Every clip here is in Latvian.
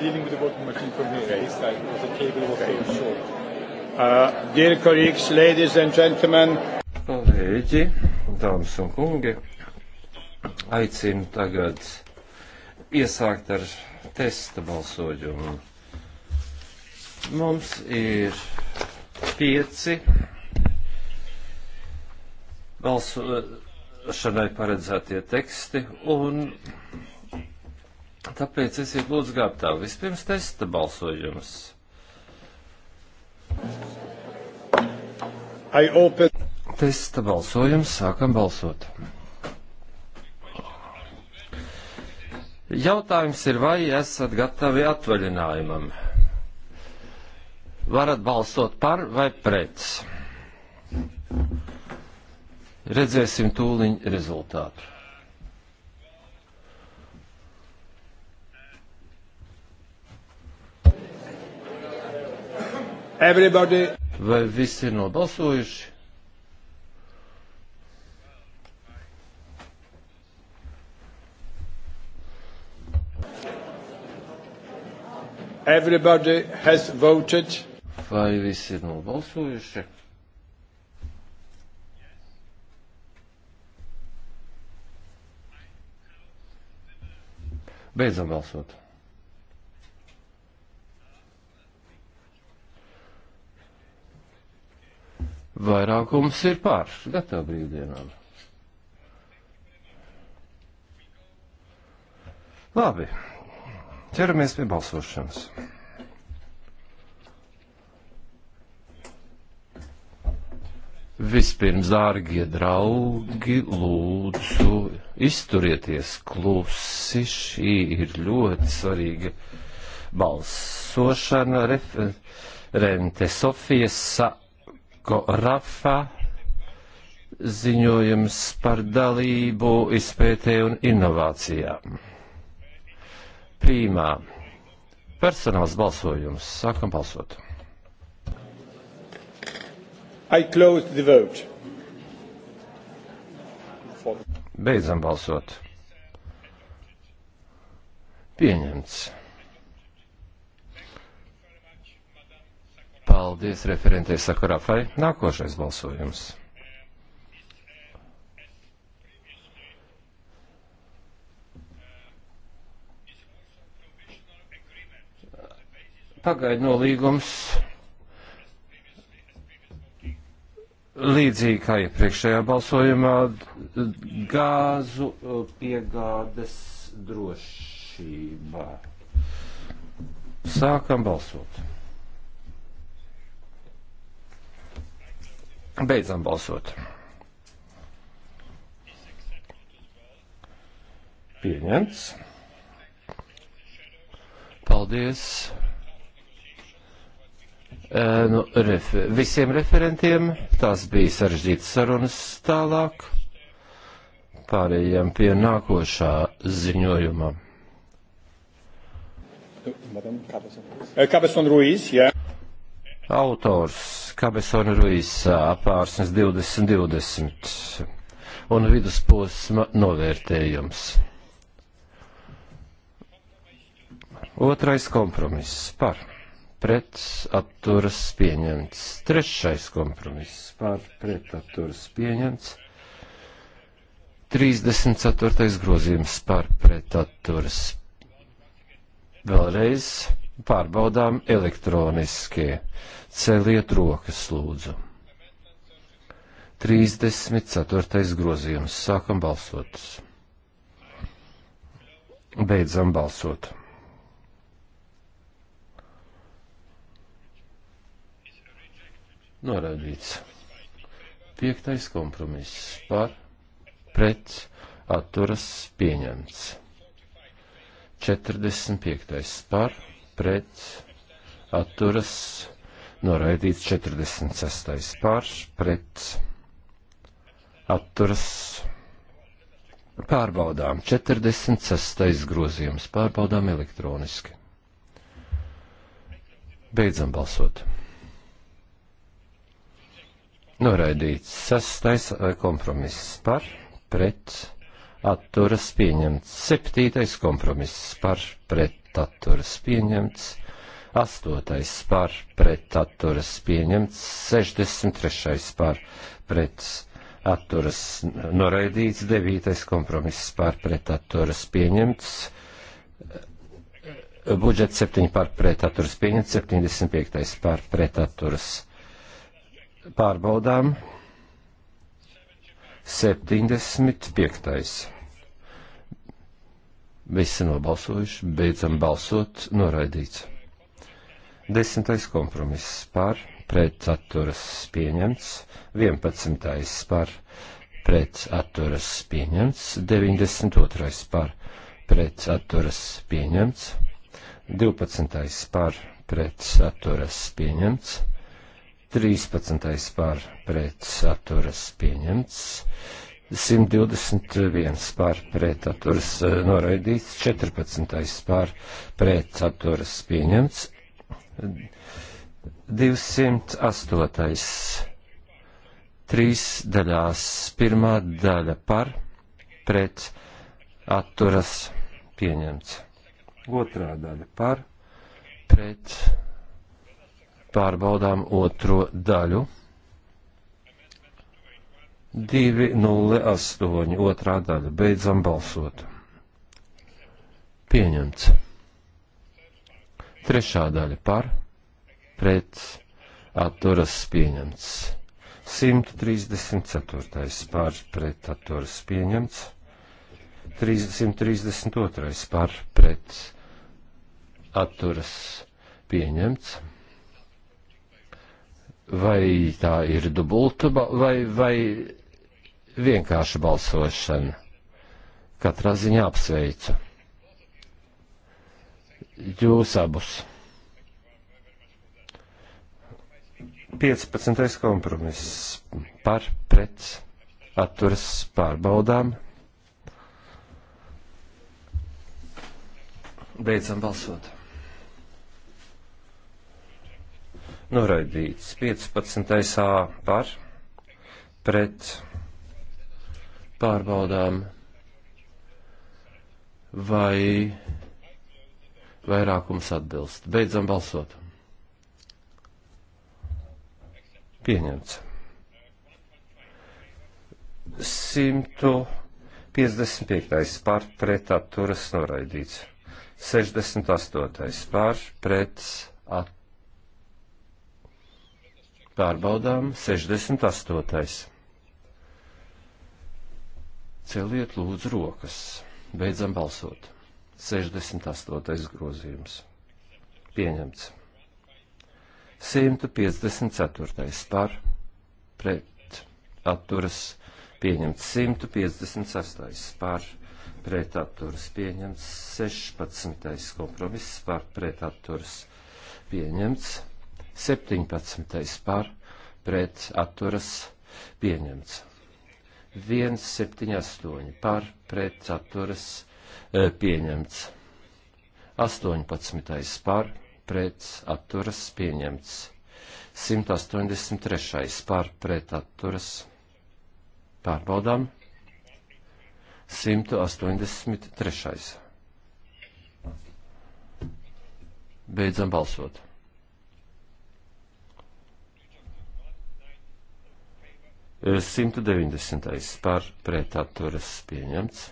dealing with the working machine from here, eh? okay. this side, because the cable was okay. so short. Uh, dear colleagues, ladies and gentlemen. Kolēģi, dāmas un kungi, aicinu tagad iesākt ar testa balsojumu. Mums ir pieci balsošanai paredzētie teksti un Tāpēc esiet lūdzu gatavi. Vispirms testa balsojums. Open... Testa balsojums, sākam balsot. Jautājums ir, vai esat gatavi atvaļinājumam? Varat balsot par vai pret? Redzēsim tūliņ rezultātu. Everybody. Vai visi ir nobalsojuši? Everybody has voted. Vai visi ir nobalsojuši? Beidzam balsot. Vairākums ir pār. Gatava brīvdienām. Labi. Ķeramies pie balsošanas. Vispirms, dārgie draugi, lūdzu, izturieties klusi. Šī ir ļoti svarīga balsošana. Referente Sofija Sa Marko Rafa ziņojums par dalību izpētē un inovācijām. Prīmā. Personāls balsojums. Sākam balsot. I close the vote. Beidzam balsot. Pieņemts. Paldies referentē sakarā fai. Nākošais balsojums. Pagaidu nolīgums līdzīgi kā iepriekšējā balsojumā, gāzu piegādes drošībā. Sākam balsot. Beidzam balsot. Pieņemts. Paldies nu, ref, visiem referentiem. Tās bija sarežģītas sarunas tālāk. Pārējām pie nākošā ziņojuma. Cabezon Ruiz, jā. Yeah autors Kabesona Ruisa apārsnes 2020 un vidusposma novērtējums. Otrais kompromiss par pret atturas pieņemts. Trešais kompromiss par pret atturas pieņemts. 34. grozījums par pret atturas. Vēlreiz pārbaudām elektroniskie. Celiet rokas, lūdzu. 34. grozījums. Sākam balsot. Beidzam balsot. Noraidīts. Piektais kompromiss par, pret, atturas pieņemts. 45. par, pret atturas noraidīts 46. pār pret atturas pārbaudām 46. grozījums pārbaudām elektroniski. Beidzam balsot. Noraidīts sastais eh, kompromiss par, pret, atturas pieņemts septītais kompromiss par, pret, atturas pieņemts, 8. par pret atturas pieņemts, 63. par pret atturas noraidīts, 9. kompromiss par pret atturas pieņemts, budžets 7 par pret atturas pieņemts, 75. par pret atturas pārbaudām, 75. Visi nobalsojuši, beidzam balsot, noraidīts. Desmitais kompromiss par, pret atturas pieņemts, vienpadsmitais par, pret atturas pieņemts, deviņdesmit otrais par, pret atturas pieņemts, divpadsmitais par, pret atturas pieņemts, 13. pār pret saturas pieņemts, 121 pār pretaturas noraidīts, 14 pār pretaturas pieņemts, 208. Trīs daļās. Pirmā daļa par pret atturas pieņemts. Otrā daļa par pret pārbaudām otro daļu. 208, otrā daļa. Beidzam balsot. Pieņemts. Trešā daļa par, pret, atturas pieņemts. 134. par, pret, atturas pieņemts. 332. par, pret, atturas pieņemts vai tā ir dubulta, vai, vai vienkārša balsošana. Katrā ziņā apsveicu. Jūs abus. 15. kompromiss par pret atturas pārbaudām. Beidzam balsot. Noraidīts 15. A par pret atturas pārbaudām pārbaudām, vai vairākums atbilst. Beidzam balsot. Pieņemts. 155. par pret atturas noraidīts. 68. par pret at... pārbaudām 68. Celiet lūdzu rokas. Beidzam balsot. 68. grozījums. Pieņemts. 154. par pret atturas pieņemts. 156. par pret atturas pieņemts. 16. kompromiss par pret atturas pieņemts. 17. par pret atturas pieņemts. 178 par pret saturas e, pieņemts. 18. par pret atturas pieņemts. 183. par pret atturas pārbaudām. 183. Beidzam balsot. 190. Eh, par pret atturas pieņemts.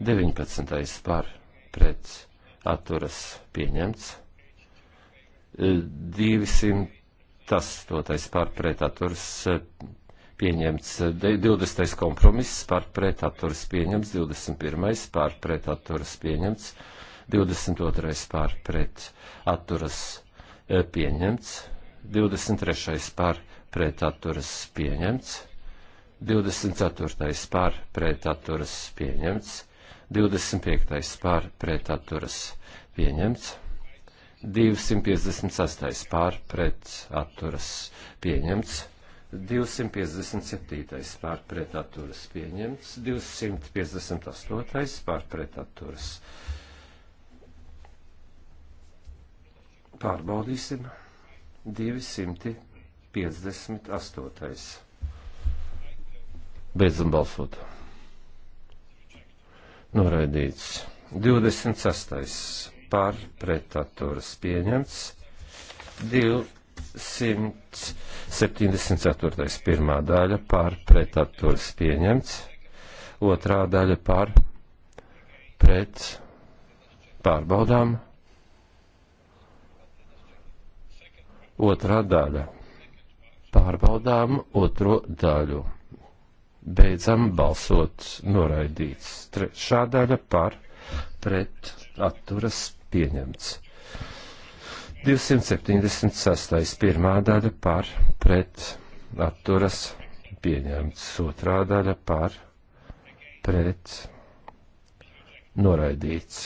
19. par pret atturas pieņemts. 208. Eh, par pret atturas eh, pieņemts. 20. kompromiss par pret atturas pieņemts. 21. par pret atturas pieņemts. 22. par pret atturas pieņemts. 23. par pret pretaturas pieņemts. 24. pār pretaturas pieņemts. 25. pār pretaturas pieņemts. 256. pār pretaturas pieņemts. 257. pārpretaturas pieņemts, 258. pārpretaturas. Pārbaudīsim 200. 58. Beidzam balsot. Noraidīts. 26. par pretaturas pieņemts. 274. pirmā daļa par pretaturas pieņemts. Otrā daļa par pret pārbaudām. Otrā daļa pārbaudām otro daļu. Beidzam balsot noraidīts. Trešā daļa par pret atturas pieņemts. 276. pirmā daļa par pret atturas pieņemts. Otrā daļa par pret noraidīts.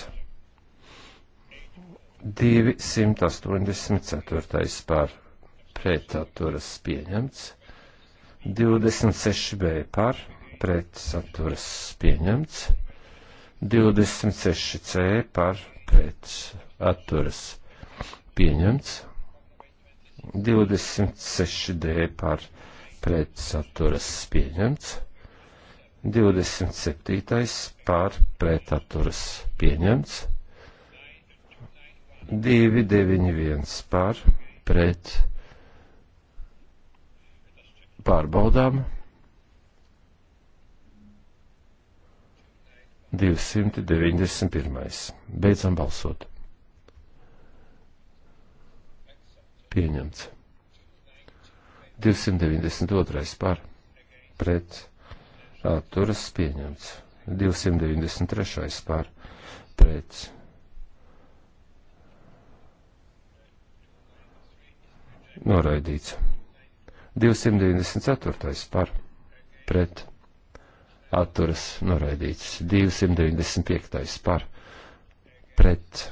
284. par pret pret atturas pieņemts. 26b par pret atturas pieņemts. 26c par pret atturas pieņemts. 26d par pret atturas pieņemts. 27. par pret atturas pieņemts. 291 par pret pārbaudām 291. Beidzam balsot. Pieņemts. 292. par pret atturas pieņemts. 293. par pret. Noraidīts. 294. par pret atturas noraidīts. 295. par pret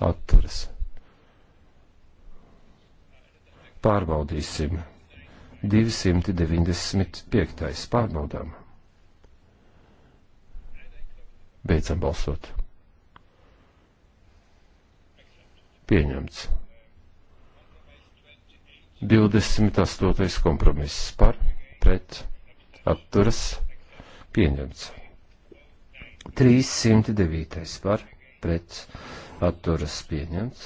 atturas. Pārbaudīsim. 295. pārbaudām. Beidzam balsot. Pieņemts. 28. kompromiss par, pret, atturas, pieņemts. 309. par, pret, atturas, pieņemts.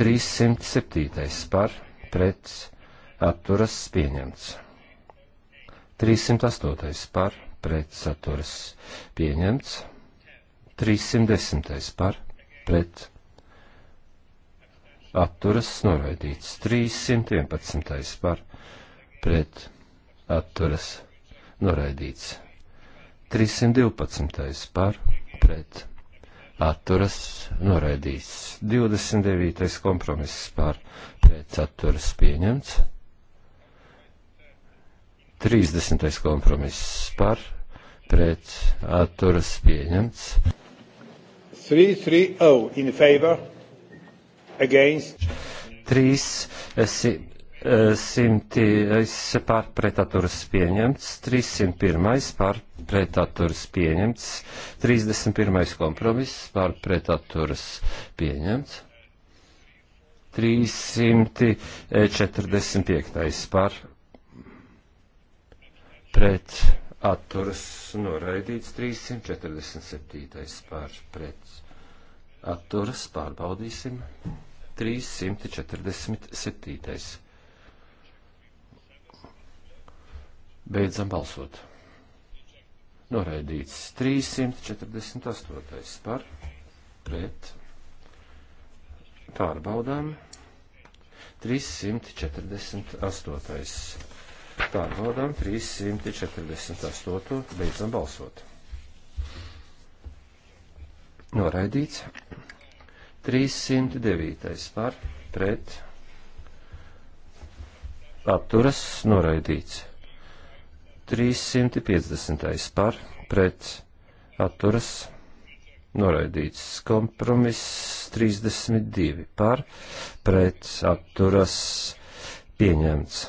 307. par, pret, atturas, pieņemts. 308. par, pret, atturas, pieņemts. 310. par, pret, atturas noraidīts. 311. par pret atturas noraidīts. 312. par pret atturas noraidīts. 29. kompromiss par pret atturas pieņemts. 30. kompromiss par pret atturas pieņemts. 330 in favor against. 300 eh, eh, eh, par pretaturas pieņemts, 301 par pretaturas pieņemts, 31 kompromiss par pretaturas pieņemts, 345 par pret atturas noraidīts 347 par pret atturas pārbaudīsim. 347. Beidzam balsot. Noraidīts 348. par pret. Pārbaudām. 348. Pārbaudām 348. Beidzam balsot. Noraidīts 309. par pret apturas noraidīts. 350. par pret atturas noraidīts. Kompromiss 32 par pret atturas pieņemts.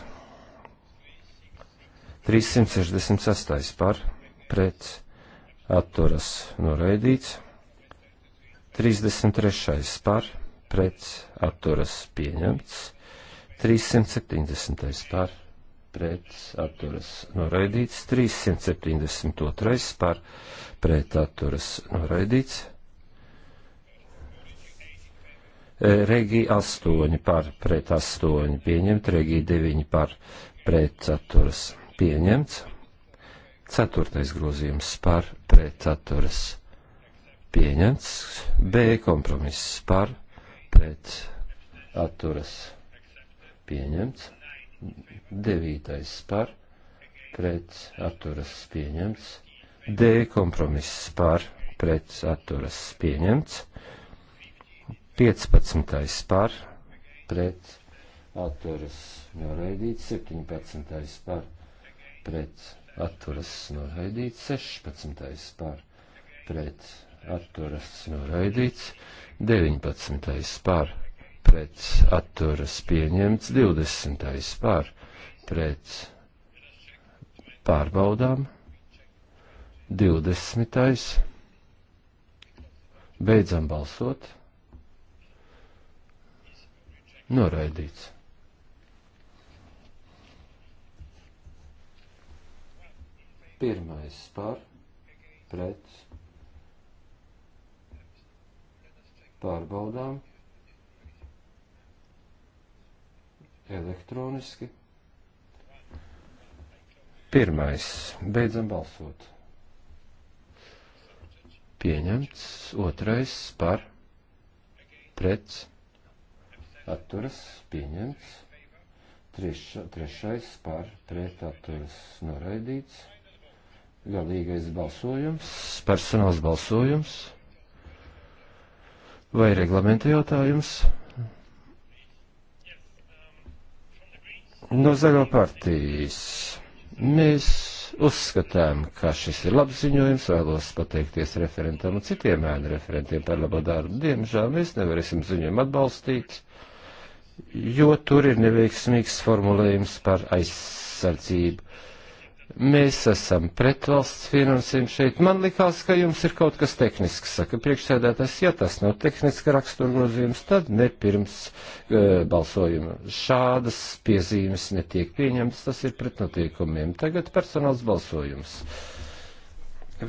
368 par pret atturas noraidīts. 33. par pret atturas pieņemts. 370. par pret atturas noraidīts. 372. par pret atturas noraidīts. E, Regija 8 par pret 8 pieņemt, Regija 9 par pret atturas pieņemts, 4. grozījums par pret atturas pieņemts pieņemts. B kompromiss par pret atturas pieņemts. Devītais par pret atturas pieņemts. D kompromiss par pret atturas pieņemts. 15. par pret atturas noraidīts. 17. par pret atturas noraidīts. 16. par pret atturas noraidīts, 19. par pret atturas pieņemts, 20. par pret pārbaudām, 20. beidzam balsot, noraidīts. Pirmais par pret pārbaudām elektroniski. Pirmais. Beidzam balsot. Pieņemts. Otrais par. Pret. Atturas. Pieņemts. Treš, trešais par. Pret. Atturas. Noraidīts. Galīgais balsojums. Personāls balsojums. Vai reglamenta jautājums? No zaļo partijas. Mēs uzskatām, ka šis ir labs ziņojums, vēlos pateikties referentam un citiem ēnu referentiem par labo darbu. Diemžēl mēs nevarēsim ziņojumu atbalstīt, jo tur ir neveiksmīgs formulējums par aizsardzību Mēs esam pret valsts finansējumu šeit. Man likās, ka jums ir kaut kas tehnisks, saka priekšsēdētājs. Ja tas nav tehniska rakstura grozījums, tad ne pirms e, balsojuma. Šādas piezīmes netiek pieņemtas, tas ir pret notiekumiem. Tagad personāls balsojums.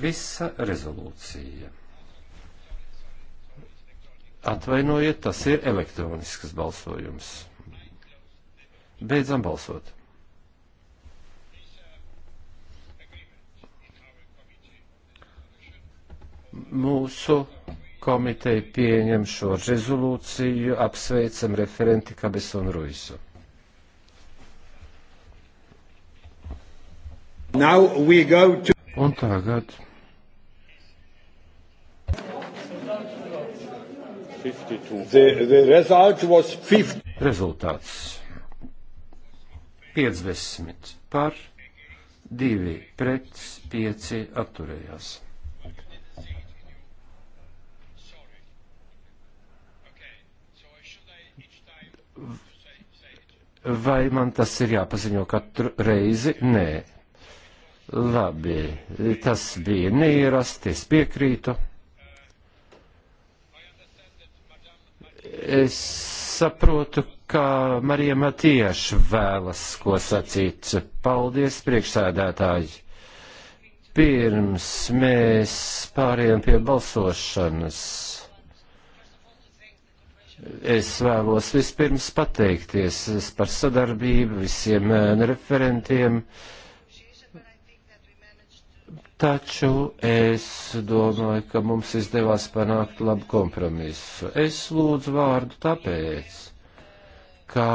Visa rezolūcija. Atvainojiet, tas ir elektronisks balsojums. Beidzam balsot. Mūsu komiteja pieņem šo rezolūciju, apsveicam referenti Kabesonu Ruisu. To... Un tagad. 52. The, the result was 50. Rezultāts 50 par 2 pret 5 atturējās. Vai man tas ir jāpaziņo katru reizi? Nē. Labi, tas bija neierasti, es piekrītu. Es saprotu, ka Marija Matieša vēlas ko sacīt. Paldies, priekšsēdētāji! Pirms mēs pāriem pie balsošanas. Es vēlos vispirms pateikties par sadarbību visiem eh, referentiem, taču es domāju, ka mums izdevās panākt labu kompromisu. Es lūdzu vārdu tāpēc, ka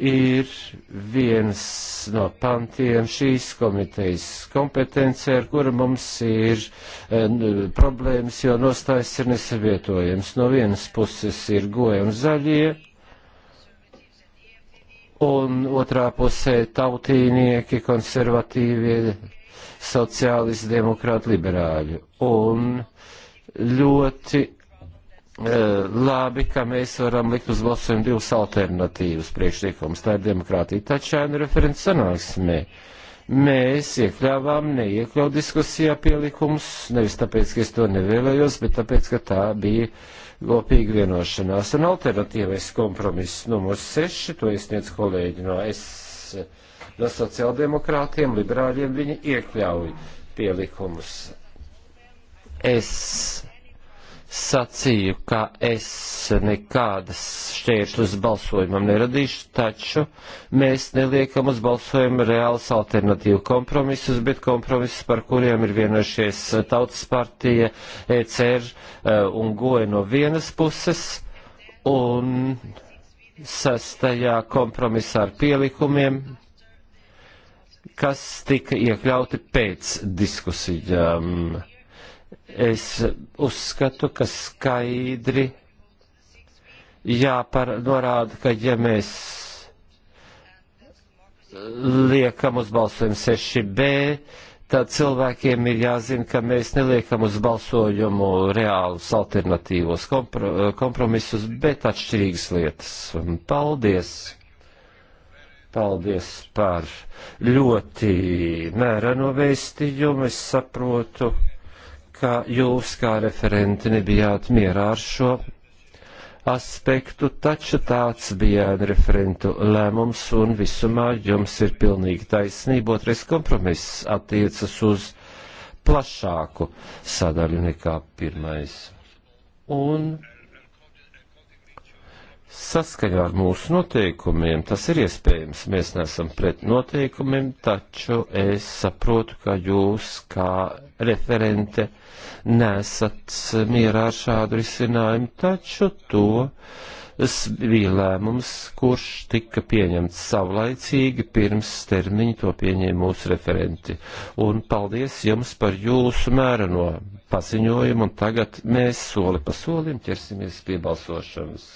ir viens no pantiem šīs komitejas kompetencija, ar kura mums ir e, problēmas, jo nostājas ir nesavietojams. No vienas puses ir goja un zaļie, un otrā pusē tautīnieki, konservatīvie, sociālisti, demokrāti, liberāļi. Un ļoti Eh, labi, ka mēs varam likt uz balsojumu divas alternatīvas priekšlikumus. Tā ir demokrātija. Taču šāda nu referents sanāksmē. Mēs iekļāvām neiekļaut diskusijā pielikumus, nevis tāpēc, ka es to nevēlējos, bet tāpēc, ka tā bija kopīga vienošanās. Un alternatīvais kompromiss numurs 6, to iesniedz kolēģi no es, no sociāldemokrātiem, liberāļiem, viņi iekļauj pielikumus. Es sacīju, ka es nekādas šķēršļus balsojumam neradīšu, taču mēs neliekam uz balsojumu reāls alternatīvu kompromisus, bet kompromisus, par kuriem ir vienojušies Tautas partija, ECR e, un GOE no vienas puses, un sastajā kompromisā ar pielikumiem, kas tika iekļauti pēc diskusijām. Um, Es uzskatu, ka skaidri jāpar, norāda, ka ja mēs liekam uz balsojumu 6B, tad cilvēkiem ir jāzina, ka mēs neliekam uz balsojumu reālus alternatīvos kompromisus, bet atšķirīgas lietas. Paldies! Paldies par ļoti mēreno vēstījumu, es saprotu ka jūs kā referenti nebijāt mierā ar šo aspektu, taču tāds bija referentu lēmums un visumā jums ir pilnīgi taisnība. Otrais kompromiss attiecas uz plašāku sadaļu nekā pirmais. Un saskaņā ar mūsu noteikumiem tas ir iespējams. Mēs neesam pret noteikumiem, taču es saprotu, ka jūs kā referente nesat mierā ar šādu risinājumu, taču to bija lēmums, kurš tika pieņemts savlaicīgi pirms termiņa to pieņēma mūsu referenti. Un paldies jums par jūsu mēreno paziņojumu, un tagad mēs soli pa solim ķersimies pie balsošanas.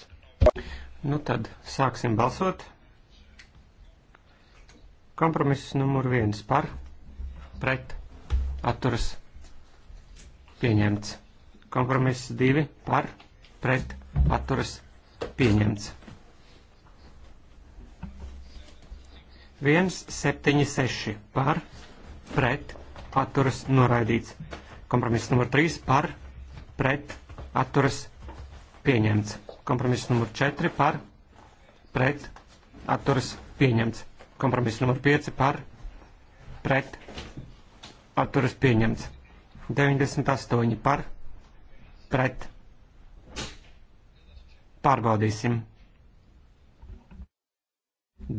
Nu tad sāksim balsot. Kompromiss numur viens par pret atturas pieņemts. Kompromiss 2 par pret atturas pieņemts. 1, 7, 6 par pret atturas noraidīts. Kompromiss numur 3 par pret atturas pieņemts. Kompromiss numur 4 par pret atturas pieņemts. Kompromiss numur 5 par pret atturas pieņemts. 98 par, pret. Pārbaudīsim.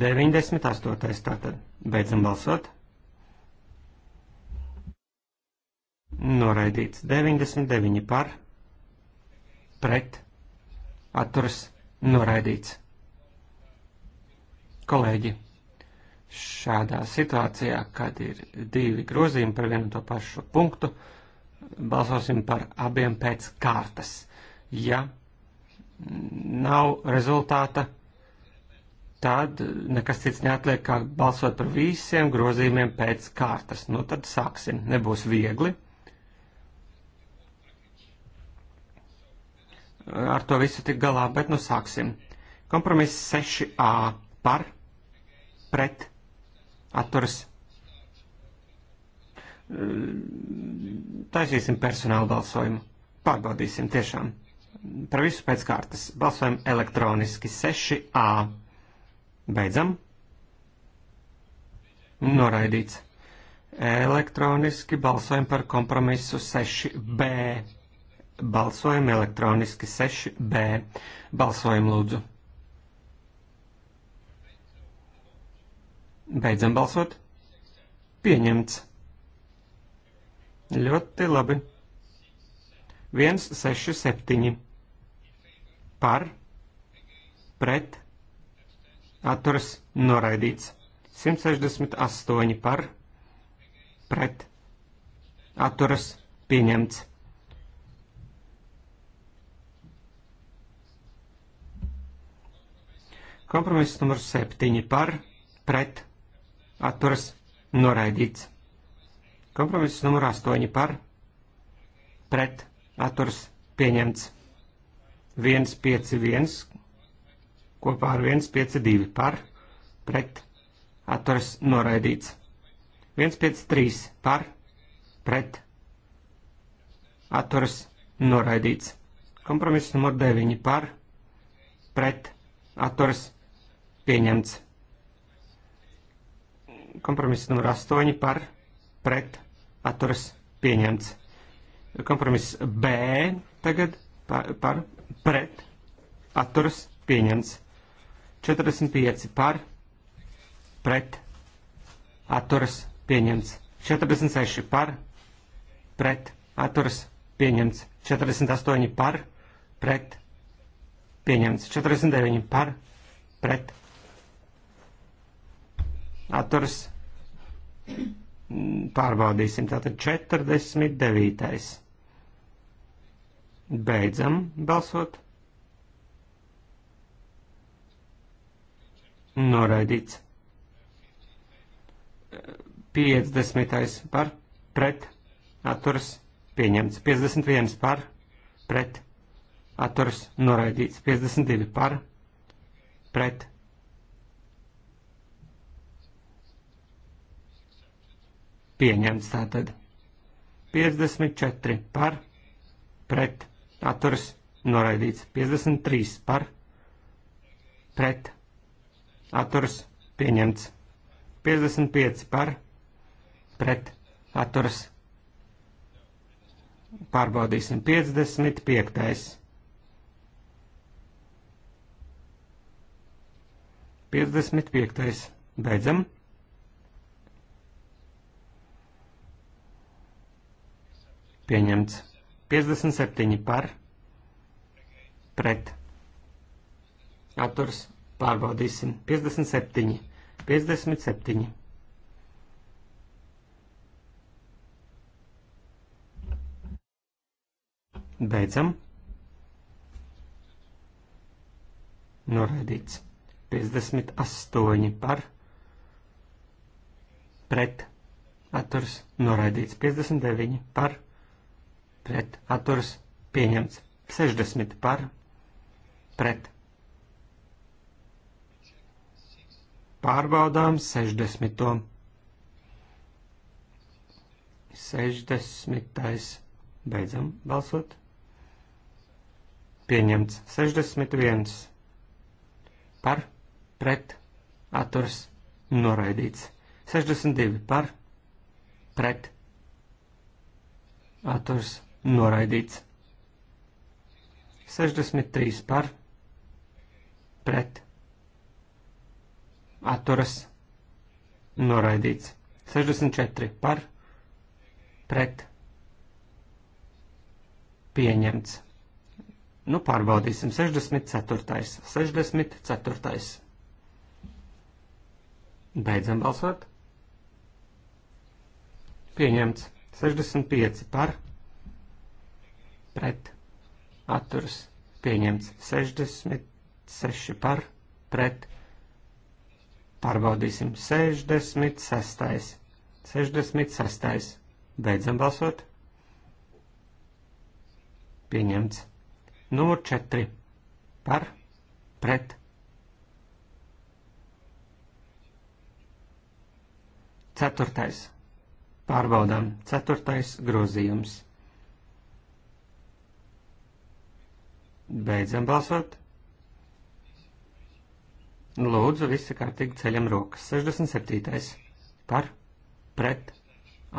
98. tātad. Beidzam balsot. Noraidīts 99 par, pret, atturas, noraidīts. Kolēģi, Šādā situācijā, kad ir divi grozījumi par vienu to pašu punktu, balsosim par abiem pēc kārtas. Ja nav rezultāta, tad nekas cits neatliek, kā balsot par visiem grozījumiem pēc kārtas. Nu tad sāksim. Nebūs viegli. Ar to visu tik galā, bet nu sāksim. Kompromiss 6A par pret atturas. Taisīsim personālu balsojumu. Pārbaudīsim tiešām. Par visu pēc kārtas. Balsojam elektroniski 6A. Beidzam. Noraidīts. Elektroniski balsojam par kompromisu 6B. Balsojam elektroniski 6B. Balsojam lūdzu. Beidzam balsot. Pieņemts. Ļoti labi. 1, 6, 7. Par, pret, atturas noraidīts. 168 par, pret, atturas pieņemts. Kompromiss numurs 7 par, pret, atturas noraidīts. Kompromiss numur 8 par pret atturas pieņemts. 151 kopā ar 152 par pret atturas noraidīts. 153 par pret atturas noraidīts. Kompromiss numur 9 par pret atturas pieņemts. Kompromiss numur 8 par pret atturas pieņemts. Kompromiss B tagad par, par pret atturas pieņemts. 45 par pret atturas pieņemts. 46 par pret atturas pieņemts. 48 par pret pieņemts. 49 par pret atturas pārbaudīsim. Tātad 49. Beidzam balsot. Noraidīts. 50. par pret atturas pieņemts. 51 par pret atturas noraidīts. 52 par pret pieņemts tātad. 54 par, pret, atturas, noraidīts. 53 par, pret, atturas, pieņemts. 55 par, pret, atturas. Pārbaudīsim 55. 55. Beidzam. Pieņemts. 57 par. Pret. Atturs. Pārbaudīsim. 57. 57. Beidzam. Noraidīts. 58 par pret atturs noraidīts 59 par pret atturas pieņemts. 60 par pret. Pārbaudām 60. 60. Beidzam balsot. Pieņemts 61. Par, pret, atturs, noraidīts. 62 par, pret, atturs, noraidīts Noraidīts. 63 par, pret, atturas, noraidīts. 64 par, pret, pieņemts. Nu, pārbaudīsim 64. 64. Beidzam balsot. Pieņemts. 65 par, pret atturas pieņemts 66 par pret. Pārbaudīsim 66. 66. Beidzam balsot. Pieņemts. Numur 4. Par pret. Ceturtais. Pārbaudām. Ceturtais grozījums. Beidzam balsot. Lūdzu, visi kārtīgi ceļam rokas. 67. par, pret,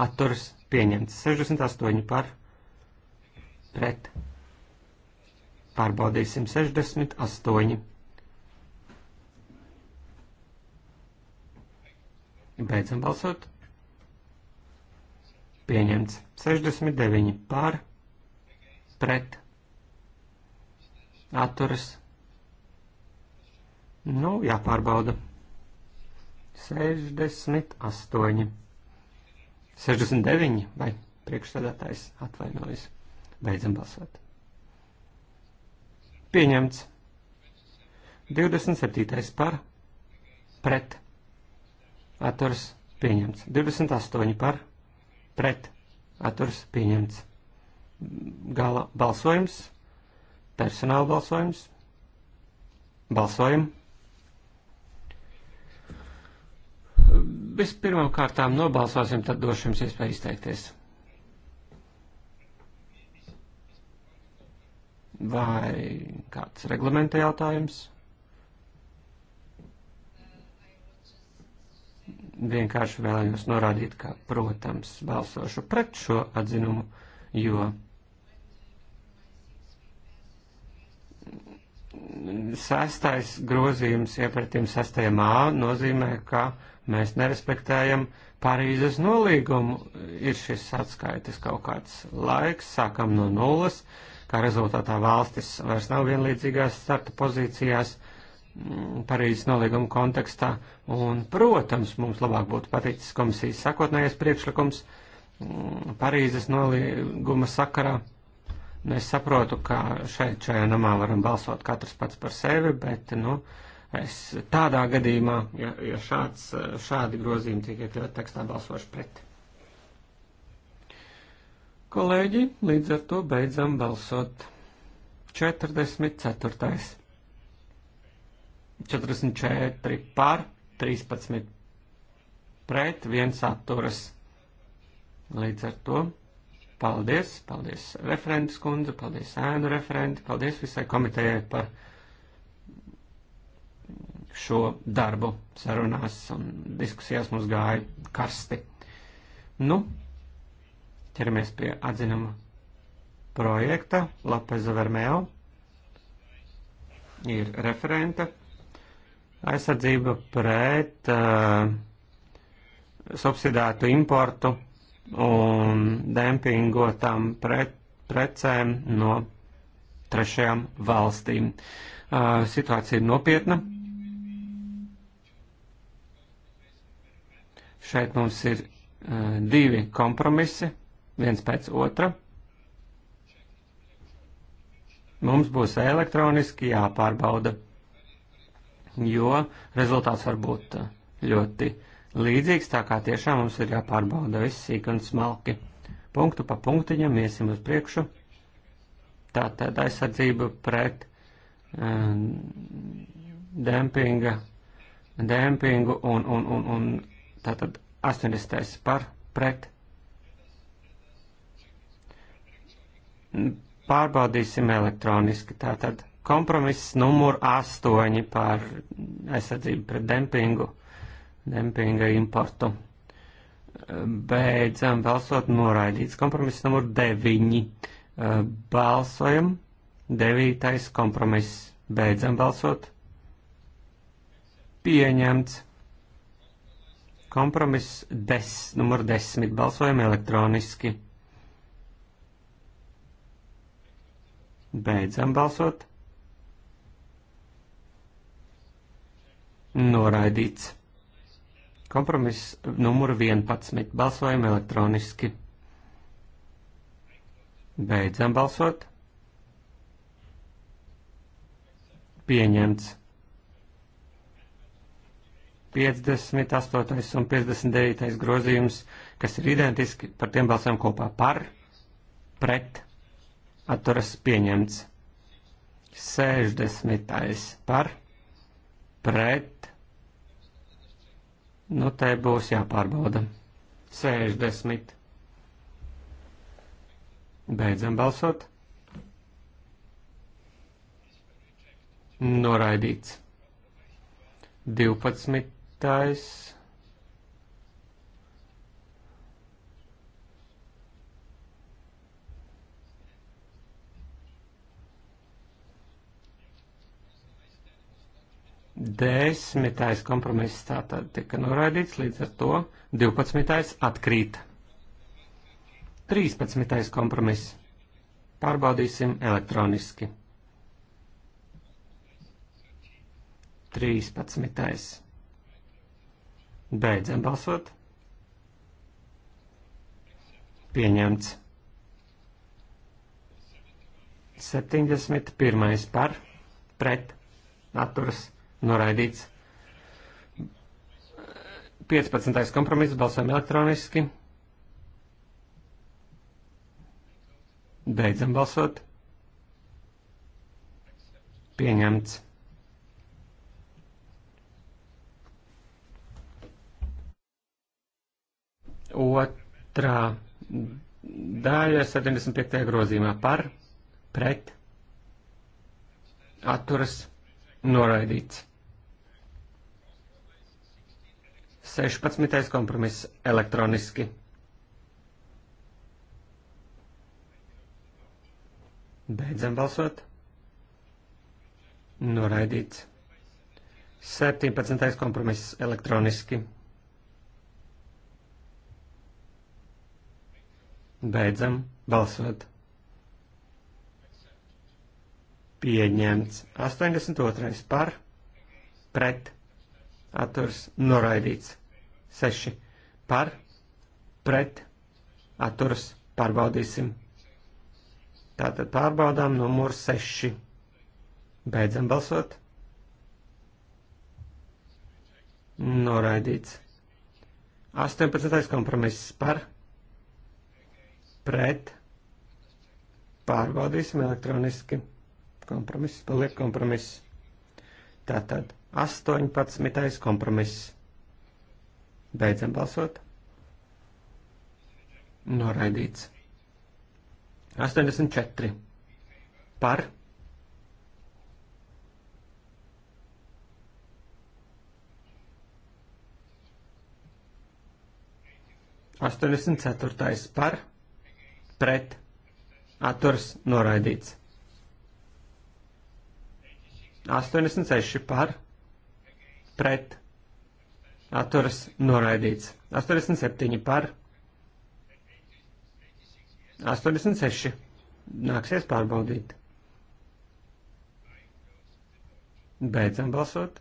atturs pieņemts. 68 par, pret. Pārbaudīsim 68. Beidzam balsot. Pieņemts 69 pār, pret atturas. Nu, jāpārbauda. 68. 69 vai priekšstādātājs atvainojas. Beidzam balsot. Pieņemts. 27. par pret. Atturs pieņemts. 28 par pret. Atturs pieņemts. Gala balsojums. Personāla balsojums. Balsojam. Vispirmām kārtām nobalsosim, tad došu jums iespēju izteikties. Vai kāds reglamenta jautājums? Vienkārši vēlējos norādīt, ka, protams, balsošu pret šo atzinumu, jo. Sastais grozījums iepratim sastajam A nozīmē, ka mēs nerespektējam Parīzes nolīgumu. Ir šis atskaites kaut kāds laiks, sākam no nulles, kā rezultātā valstis vairs nav vienlīdzīgās starta pozīcijās. Mm, Parīzes nolīguma kontekstā, un, protams, mums labāk būtu paticis komisijas sakotnējais priekšlikums mm, Parīzes nolīguma sakarā, Nu, es saprotu, ka šeit šajā namā varam balsot katrs pats par sevi, bet, nu, es tādā gadījumā, ja, ja šāds, šādi grozījumi tiek iekļaut tekstā, balsošu pret. Kolēģi, līdz ar to beidzam balsot. 44. 44 par, 13 pret, 1 atturas. Līdz ar to Paldies, paldies referentes kundze, paldies ēnu referenti, paldies visai komitejai par šo darbu sarunās un diskusijās mums gāja karsti. Nu, ķeramies pie atzinuma projekta Lapeza Vermeo. Ir referente aizsardzība pret uh, subsidētu importu un dempingotām pret, precēm no trešajām valstīm. Uh, situācija ir nopietna. Šeit mums ir uh, divi kompromisi, viens pēc otra. Mums būs elektroniski jāpārbauda, jo rezultāts var būt ļoti uh, līdzīgs, tā kā tiešām mums ir jāpārbauda viss sīk un smalki. Punktu pa punktiņam iesim uz priekšu. Tā tad aizsardzība pret um, dempinga, dempingu un, un, un, un tātad 80. par pret. Pārbaudīsim elektroniski. Tātad kompromiss numur 8 par aizsardzību pret dempingu dempinga importu. Beidzam balsot noraidīts. Kompromiss numur 9. Balsojam. 9. kompromiss. Beidzam balsot. Pieņemts. Kompromiss des, numur 10. Balsojam elektroniski. Beidzam balsot. Noraidīts. Kompromiss numur 11. Balsojam elektroniski. Beidzam balsot. Pieņemts. 58. un 59. grozījums, kas ir identiski, par tiem balsojam kopā par, pret, atturas pieņemts. 60. par, pret, Nu, tai būs jāpārbauda. 60. Beidzam balsot. Noraidīts. 12. Desmitais kompromiss tātad tika noraidīts, līdz ar to 12. atkrīt. 13. kompromiss. Pārbaudīsim elektroniski. 13. Beidzam balsot. Pieņemts. 71. par, pret, naturas Noraidīts. 15. kompromiss balsojam elektroniski. Beidzam balsot. Pieņemts. Otrā daļa 75. grozījumā par, pret, atturas, noraidīts. 16. kompromiss elektroniski. Beidzam balsot. Noraidīts. 17. kompromiss elektroniski. Beidzam balsot. Pieņemts. 82. par. Pret atturs noraidīts. 6 par, pret, atturs pārbaudīsim. Tātad pārbaudām numuru 6. Beidzam balsot. Noraidīts. 18. kompromiss par, pret, pārbaudīsim elektroniski. Kompromiss paliek kompromiss. Tātad 18. kompromiss. Beidzam balsot. Noraidīts. 84. Par. Astoņdesmit ceturtais par, pret, atturs noraidīts. Astoņdesmit seši par, pret pret atturas noraidīts. 87 par 86. Nāksies pārbaudīt. Beidzam balsot.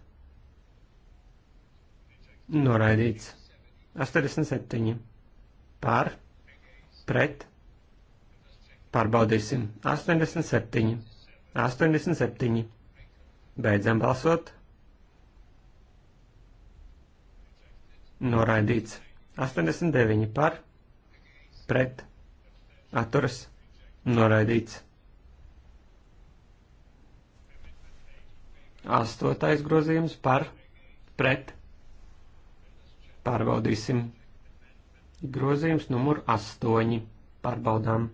Noraidīts. 87. Par. Pret. Pārbaudīsim. 87. 87. Beidzam balsot. noraidīts. 89 par, pret, atturas, noraidīts. Astotais grozījums par, pret, pārbaudīsim. Grozījums numur 8 pārbaudām.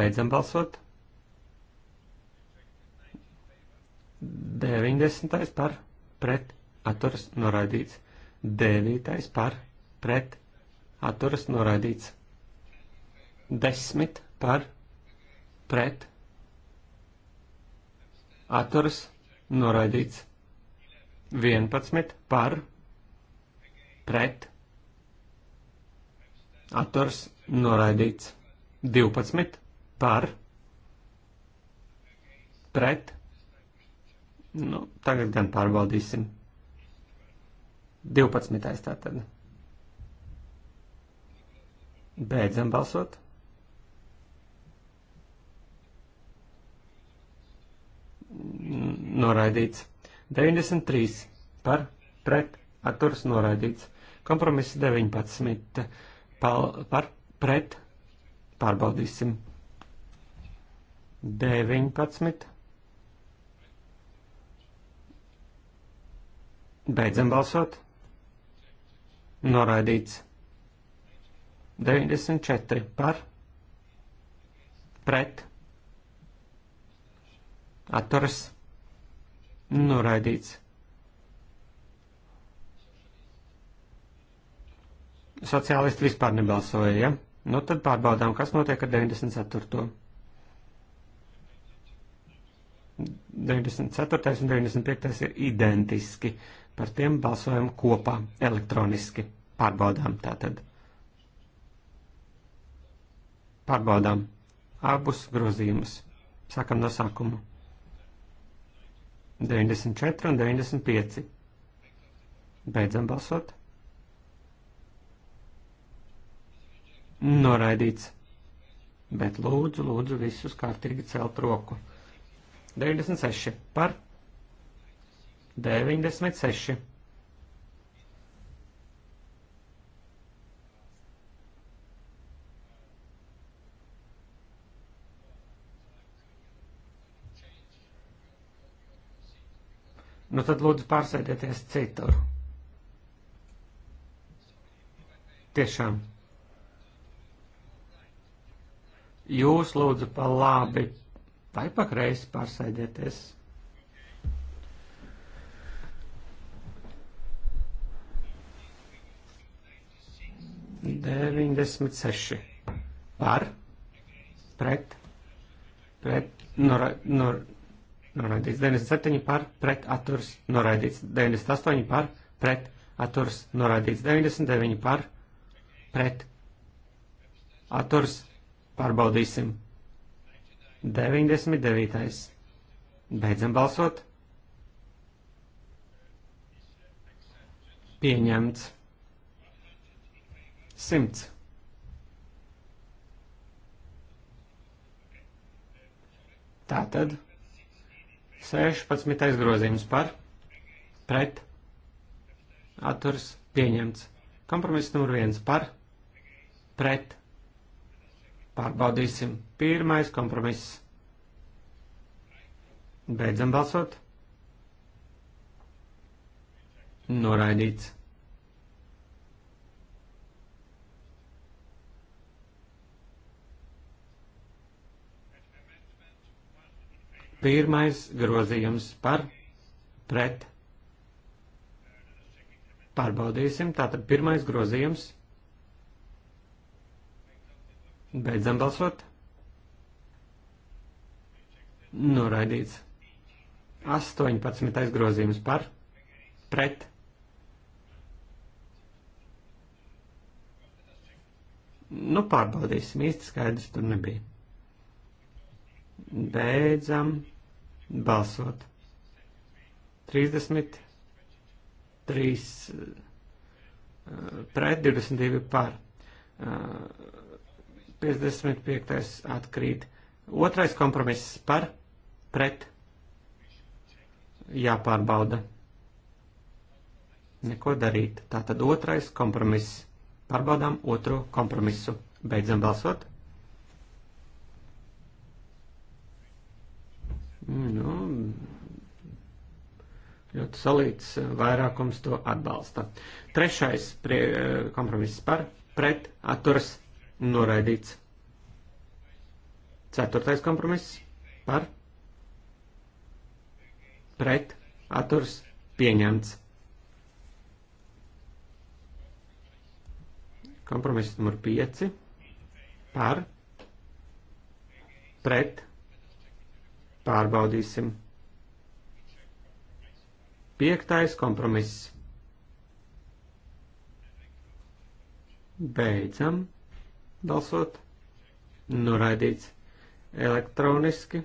Beidzam balsot. 90. par, pret, atturas, noraidīts. Devītais par pret atturas noraidīts. Desmit par pret atturas noraidīts. Vienpadsmit par pret atturas noraidīts. Divpadsmit par pret. Nu, tagad gan pārbaudīsim. 12. tātad. Beidzam balsot. Noraidīts. 93 par pret atturs noraidīts. Kompromiss 19 pal, par pret pārbaudīsim. 19. Beidzam balsot. Noraidīts. 94 par. Pret. Atturas. Noraidīts. Sociālisti vispār nebalsoja, ja? Nu tad pārbaudām, kas notiek ar 94. 94. un 95. ir identiski. Par tiem balsojam kopā elektroniski. Pārbaudām tātad. Pārbaudām abus grozījumus. Sākam no sākuma. 94 un 95. Beidzam balsot. Noraidīts. Bet lūdzu, lūdzu visus kārtīgi celt roku. 96 par 96. Nu tad lūdzu pārsēdieties citur. Tiešām. Jūs lūdzu pa labi Taipak reiz pārsēdieties. Deviņdesmit seši par, pret, pret, nora, nor, noraidīts 97 par, pret, atturs, noraidīts 98 par, pret, atturs, noraidīts 99 par, pret, atturs, pārbaudīsim. 99. Beidzam balsot. Pieņemts. 100. Tātad 16. grozījums par, pret, atturs, pieņemts. Kompromiss numur 1 par, pret, pārbaudīsim. Pirmais kompromiss. Beidzam balsot. Noraidīts. Pirmais grozījums par pret. Pārbaudīsim. Tātad pirmais grozījums. Beidzam balsot. Noraidīts. 18. grozījums par, pret. Nu, pārbaudīsim, īsti skaidrs tur nebija. Beidzam balsot. 30, 3 eh, pret, 22 par. 55. Eh, atkrīt. Otrais kompromiss par pret jāpārbauda. Neko darīt. Tātad otrais kompromiss. Pārbaudām otro kompromisu. Beidzam balsot. Nu, ļoti salīts vairākums to atbalsta. Trešais prie, kompromiss par pret atturas noraidīts. Ceturtais kompromiss par pret pret atturs pieņemts. Kompromiss numur 5 par pret pārbaudīsim. Piektais kompromiss. Beidzam balsot. Noraidīts elektroniski.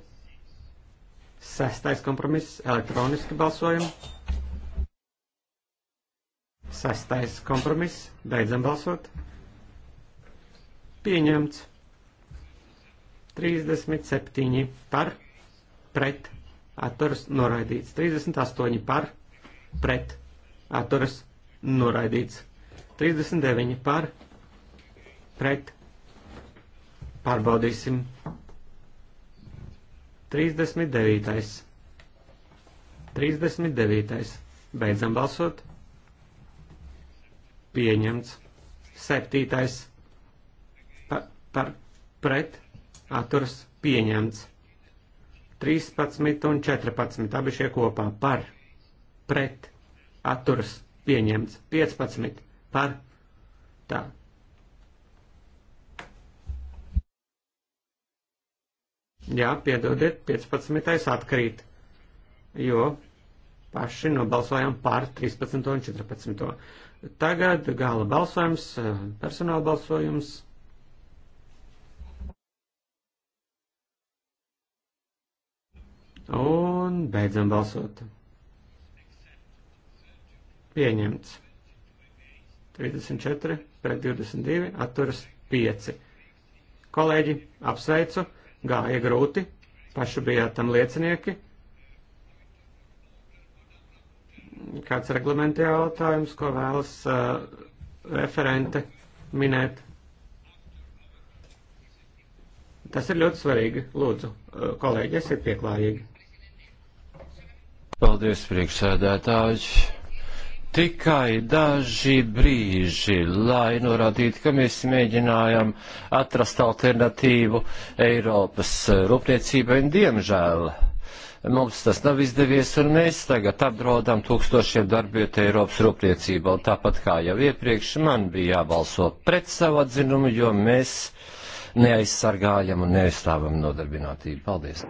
Sestais kompromiss - elektroniski balsojam. Sestais kompromiss - beidzam balsot. Pieņemts. 37 par, pret, atturas noraidīts. 38 par, pret, atturas noraidīts. 39 par, pret, pārbaudīsim. 39. 39. Beidzam balsot. Pieņemts. 7. Pa, par pret atturas pieņemts. 13 un 14 abi šie kopā par pret atturas pieņemts. 15 par tā Jā, piedodiet, 15. atkrīt, jo paši nobalsojām par 13. un 14. Tagad gala balsojums, eh, personāla balsojums. Un beidzam balsot. Pieņemts. 34 pret 22 atturas 5. Kolēģi, apsveicu! gāja grūti, paši bijāt tam liecinieki. Kāds reglamenta jautājums, ko vēlas uh, referente minēt? Tas ir ļoti svarīgi. Lūdzu, uh, kolēģi, esiet pieklājīgi. Paldies, priekšsēdētāji tikai daži brīži, lai norādītu, ka mēs mēģinājām atrast alternatīvu Eiropas rūpniecībai, un diemžēl mums tas nav izdevies, un mēs tagad apdraudām tūkstošiem darbietu Eiropas rūpniecībā, un tāpat kā jau iepriekš man bija jābalso pret savu atzinumu, jo mēs neaizsargājam un neaizstāvam nodarbinātību. Paldies!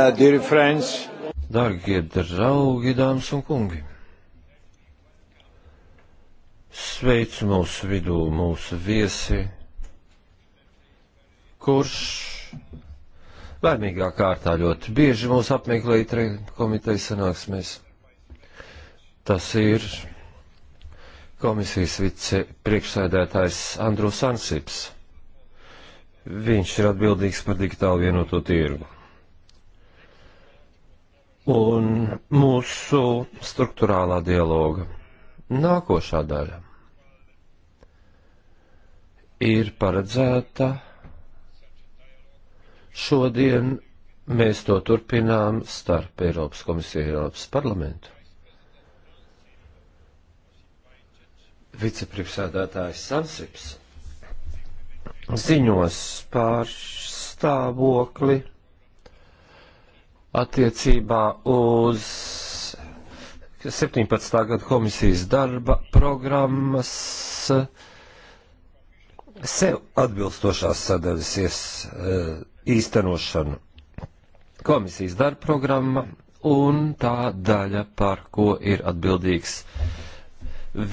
Uh, dear friends. Dārgie draugi, dāmas un kungi. Sveicu mūsu vidū mūsu viesi, kurš laimīgā kārtā ļoti bieži mūs apmeklē itre komitejas sanāksmēs. Tas ir komisijas vice priekšsēdētājs Andrus Ansips. Viņš ir atbildīgs par digitālu vienoto tirgu un mūsu struktūrālā dialoga. Nākošā daļa ir paredzēta šodien. Mēs to turpinām starp Eiropas komisiju un Eiropas parlamentu. Vicepriekšsēdētājs Sansips ziņos par stāvokli. Mm attiecībā uz 17. gada komisijas darba programmas sev atbilstošās sadaļas ies, e, īstenošanu. Komisijas darba programma un tā daļa, par ko ir atbildīgs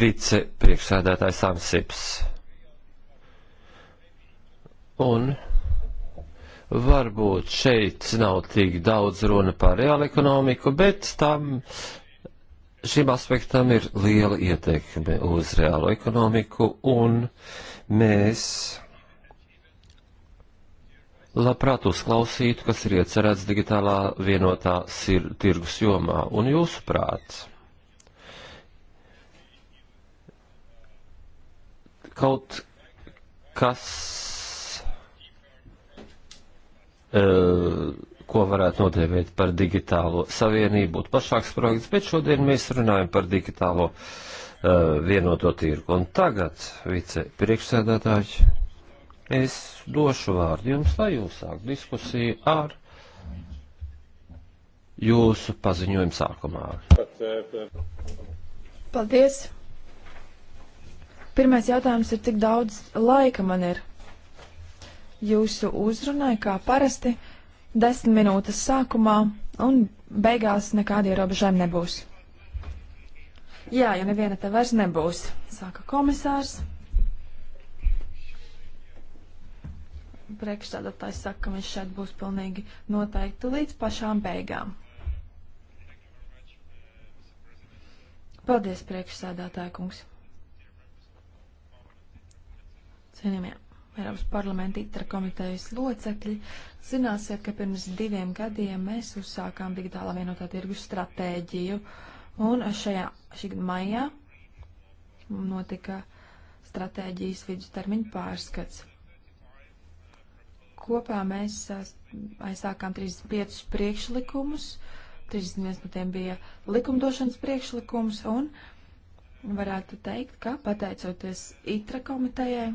vicepriekšsēdētājs Ansips. Un Varbūt šeit nav tik daudz runa par reālu ekonomiku, bet tam šim aspektam ir liela ietekme uz reālo ekonomiku, un mēs labprāt uzklausītu, kas ir iecerēts digitālā vienotā sir, tirgus jomā, un jūsu prāts. Kaut kas Eh, ko varētu nodēvēt par digitālo savienību, būtu plašāks projekts, bet šodien mēs runājam par digitālo eh, vienoto tirgu. Un tagad, vice priekšsēdētāji, es došu vārdu jums, lai jūs sāktu diskusiju ar jūsu paziņojumu sākumā. Paldies! Pirmais jautājums ir, cik daudz laika man ir? jūsu uzrunai, kā parasti, desmit minūtes sākumā un beigās nekādi ierobežojumi nebūs. Jā, ja neviena te vairs nebūs, saka komisārs. Priekšstādātājs saka, ka viņš šeit būs pilnīgi noteikti līdz pašām beigām. Paldies, priekšsēdētāja kungs. Cienījamie Eiropas parlamenta itra komitejas locekļi, zināsiet, ka pirms diviem gadiem mēs uzsākām digitālā vienotā tirgus stratēģiju, un šajā šī maijā notika stratēģijas vidustermiņa pārskats. Kopā mēs aizsākām 35 priekšlikumus, 31 no tiem bija likumdošanas priekšlikums, un varētu teikt, ka pateicoties itra komitejai,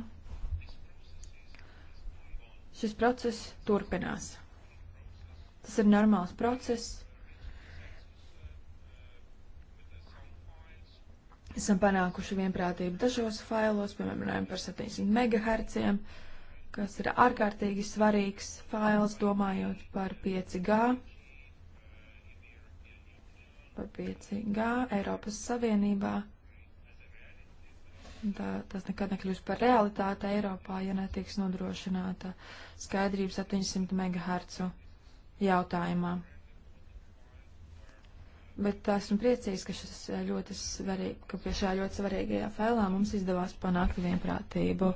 Šis process turpinās. Tas ir normāls process. Esam panākuši vienprātību dažos failos, piemēram, par 700 MHz, kas ir ārkārtīgi svarīgs fails, domājot par 5G. Par 5G Eiropas Savienībā tā, tas nekad nekļūs par realitāti Eiropā, ja netiks nodrošināta skaidrība 700 MHz jautājumā. Bet esmu priecīgs, ka, ļoti svarīgi, ka pie šajā ļoti svarīgajā failā mums izdevās panākt vienprātību.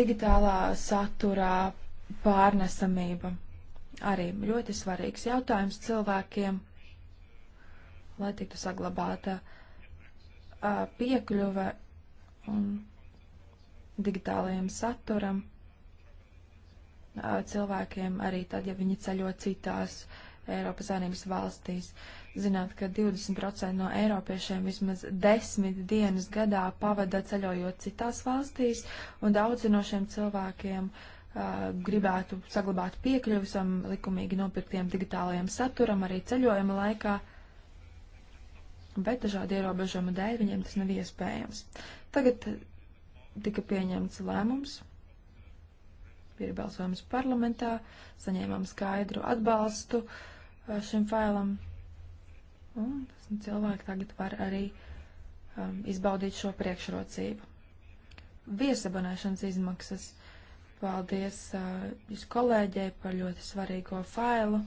Digitālā saturā pārnesamība arī ļoti svarīgs jautājums cilvēkiem, lai tiktu saglabāta uh, piekļuve un digitālajiem saturam cilvēkiem arī tad, ja viņi ceļo citās Eiropas Savienības valstīs. Zināt, ka 20% no eiropiešiem vismaz desmit dienas gadā pavada ceļojot citās valstīs, un daudzi no šiem cilvēkiem uh, gribētu saglabāt piekļuvis un likumīgi nopirktiem digitālajiem saturam arī ceļojuma laikā. Uh, bet dažādi ierobežojumi dēļ viņiem tas nav iespējams. Tagad eh, tika pieņemts lēmums, ir balsojums parlamentā, saņēmām skaidru atbalstu eh, šim failam, un nu, cilvēki tagad var arī um, izbaudīt šo priekšrocību. Viesabonēšanas izmaksas. Paldies uh, eh, jūs kolēģei par ļoti svarīgo failu.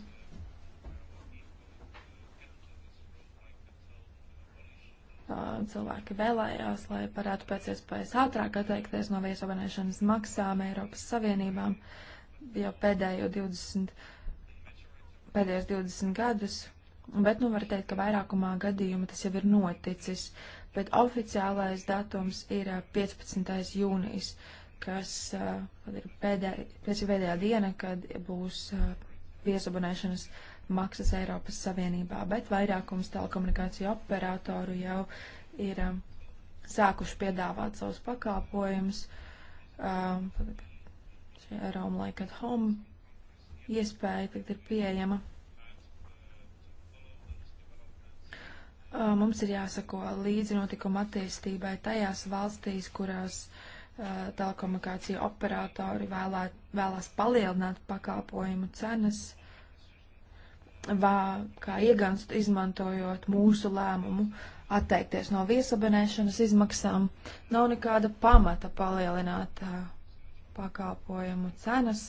cilvēki vēlējās, lai varētu pēc iespējas ātrāk atteikties no viesobanēšanas maksām Eiropas Savienībām. Jau pēdējo 20, pēdējos 20 gadus, bet nu var teikt, ka vairākumā gadījumu tas jau ir noticis, bet oficiālais datums ir 15. jūnijas, kas ir pēdējā, pēdējā diena, kad būs viesobanēšanas maksām maksas Eiropas Savienībā, bet vairākums telekomunikāciju operatoru jau ir um, sākuši piedāvāt savus pakalpojumus. Um, šī Roam Like at Home iespēja tagad ir pieejama. Um, mums ir jāsako līdzi notikuma attīstībai tajās valstīs, kurās uh, telekomunikāciju operatori vēlā, vēlās palielināt pakalpojumu cenas vā, kā ieganst, izmantojot mūsu lēmumu atteikties no viesabonēšanas izmaksām, nav nekāda pamata palielināt uh, pakalpojumu cenas.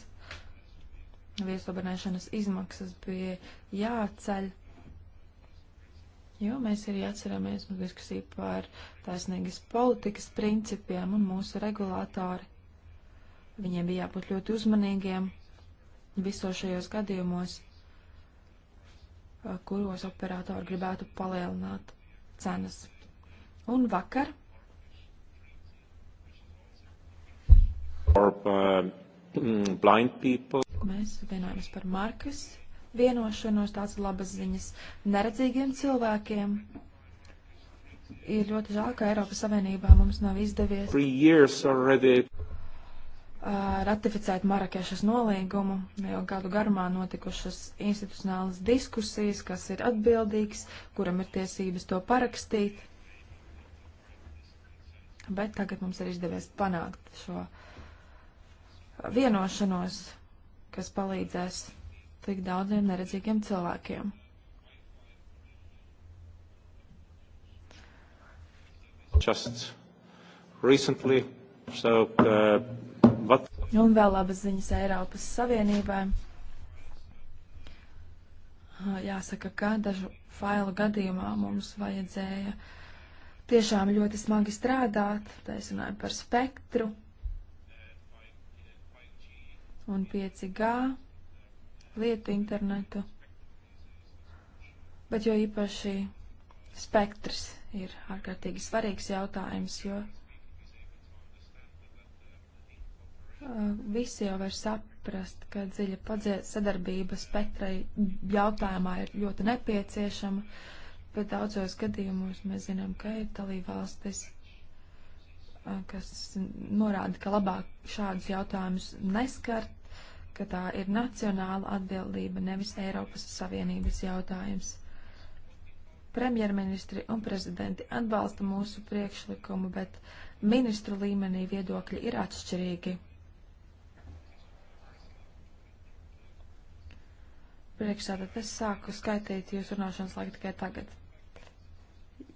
Viesabonēšanas izmaksas bija jāceļ, jo mēs arī atceramies nu, diskusiju par taisnīgas politikas principiem un mūsu regulātori. Viņiem bija jābūt ļoti uzmanīgiem visos šajos gadījumos kuros operatori gribētu palielināt cenas. Un vakar. Or, uh, mm, Mēs vienojamies par Markas vienošanos, tāds labas ziņas neredzīgiem cilvēkiem. Ir ļoti žēl, ka Eiropas Savienībā mums nav izdevies ratificēt Marakešas nolīgumu, jau gadu garumā notikušas institucionālas diskusijas, kas ir atbildīgs, kuram ir tiesības to parakstīt. Bet tagad mums ir izdevies panākt šo vienošanos, kas palīdzēs tik daudziem neredzīgiem cilvēkiem. Just recently, so uh, Un vēl labas ziņas Eiropas Savienībai. Jāsaka, ka dažu failu gadījumā mums vajadzēja tiešām ļoti smagi strādāt. Tā es runāju par spektru un 5G lietu internetu. Bet jo īpaši spektrs ir ārkārtīgi svarīgs jautājums, jo Eh, visi jau var saprast, ka dziļa sadarbība spektrai jautājumā ir ļoti nepieciešama, bet daudzos gadījumos mēs zinām, ka ir dalībvalstis, eh, kas norāda, ka labāk šādus jautājumus neskart, ka tā ir nacionāla atbildība, nevis Eiropas Savienības jautājums. Premjerministri un prezidenti atbalsta mūsu priekšlikumu, bet ministru līmenī viedokļi ir atšķirīgi. Priekšsēdēt, es sāku skaitīt jūsu runāšanas laiku tikai tagad.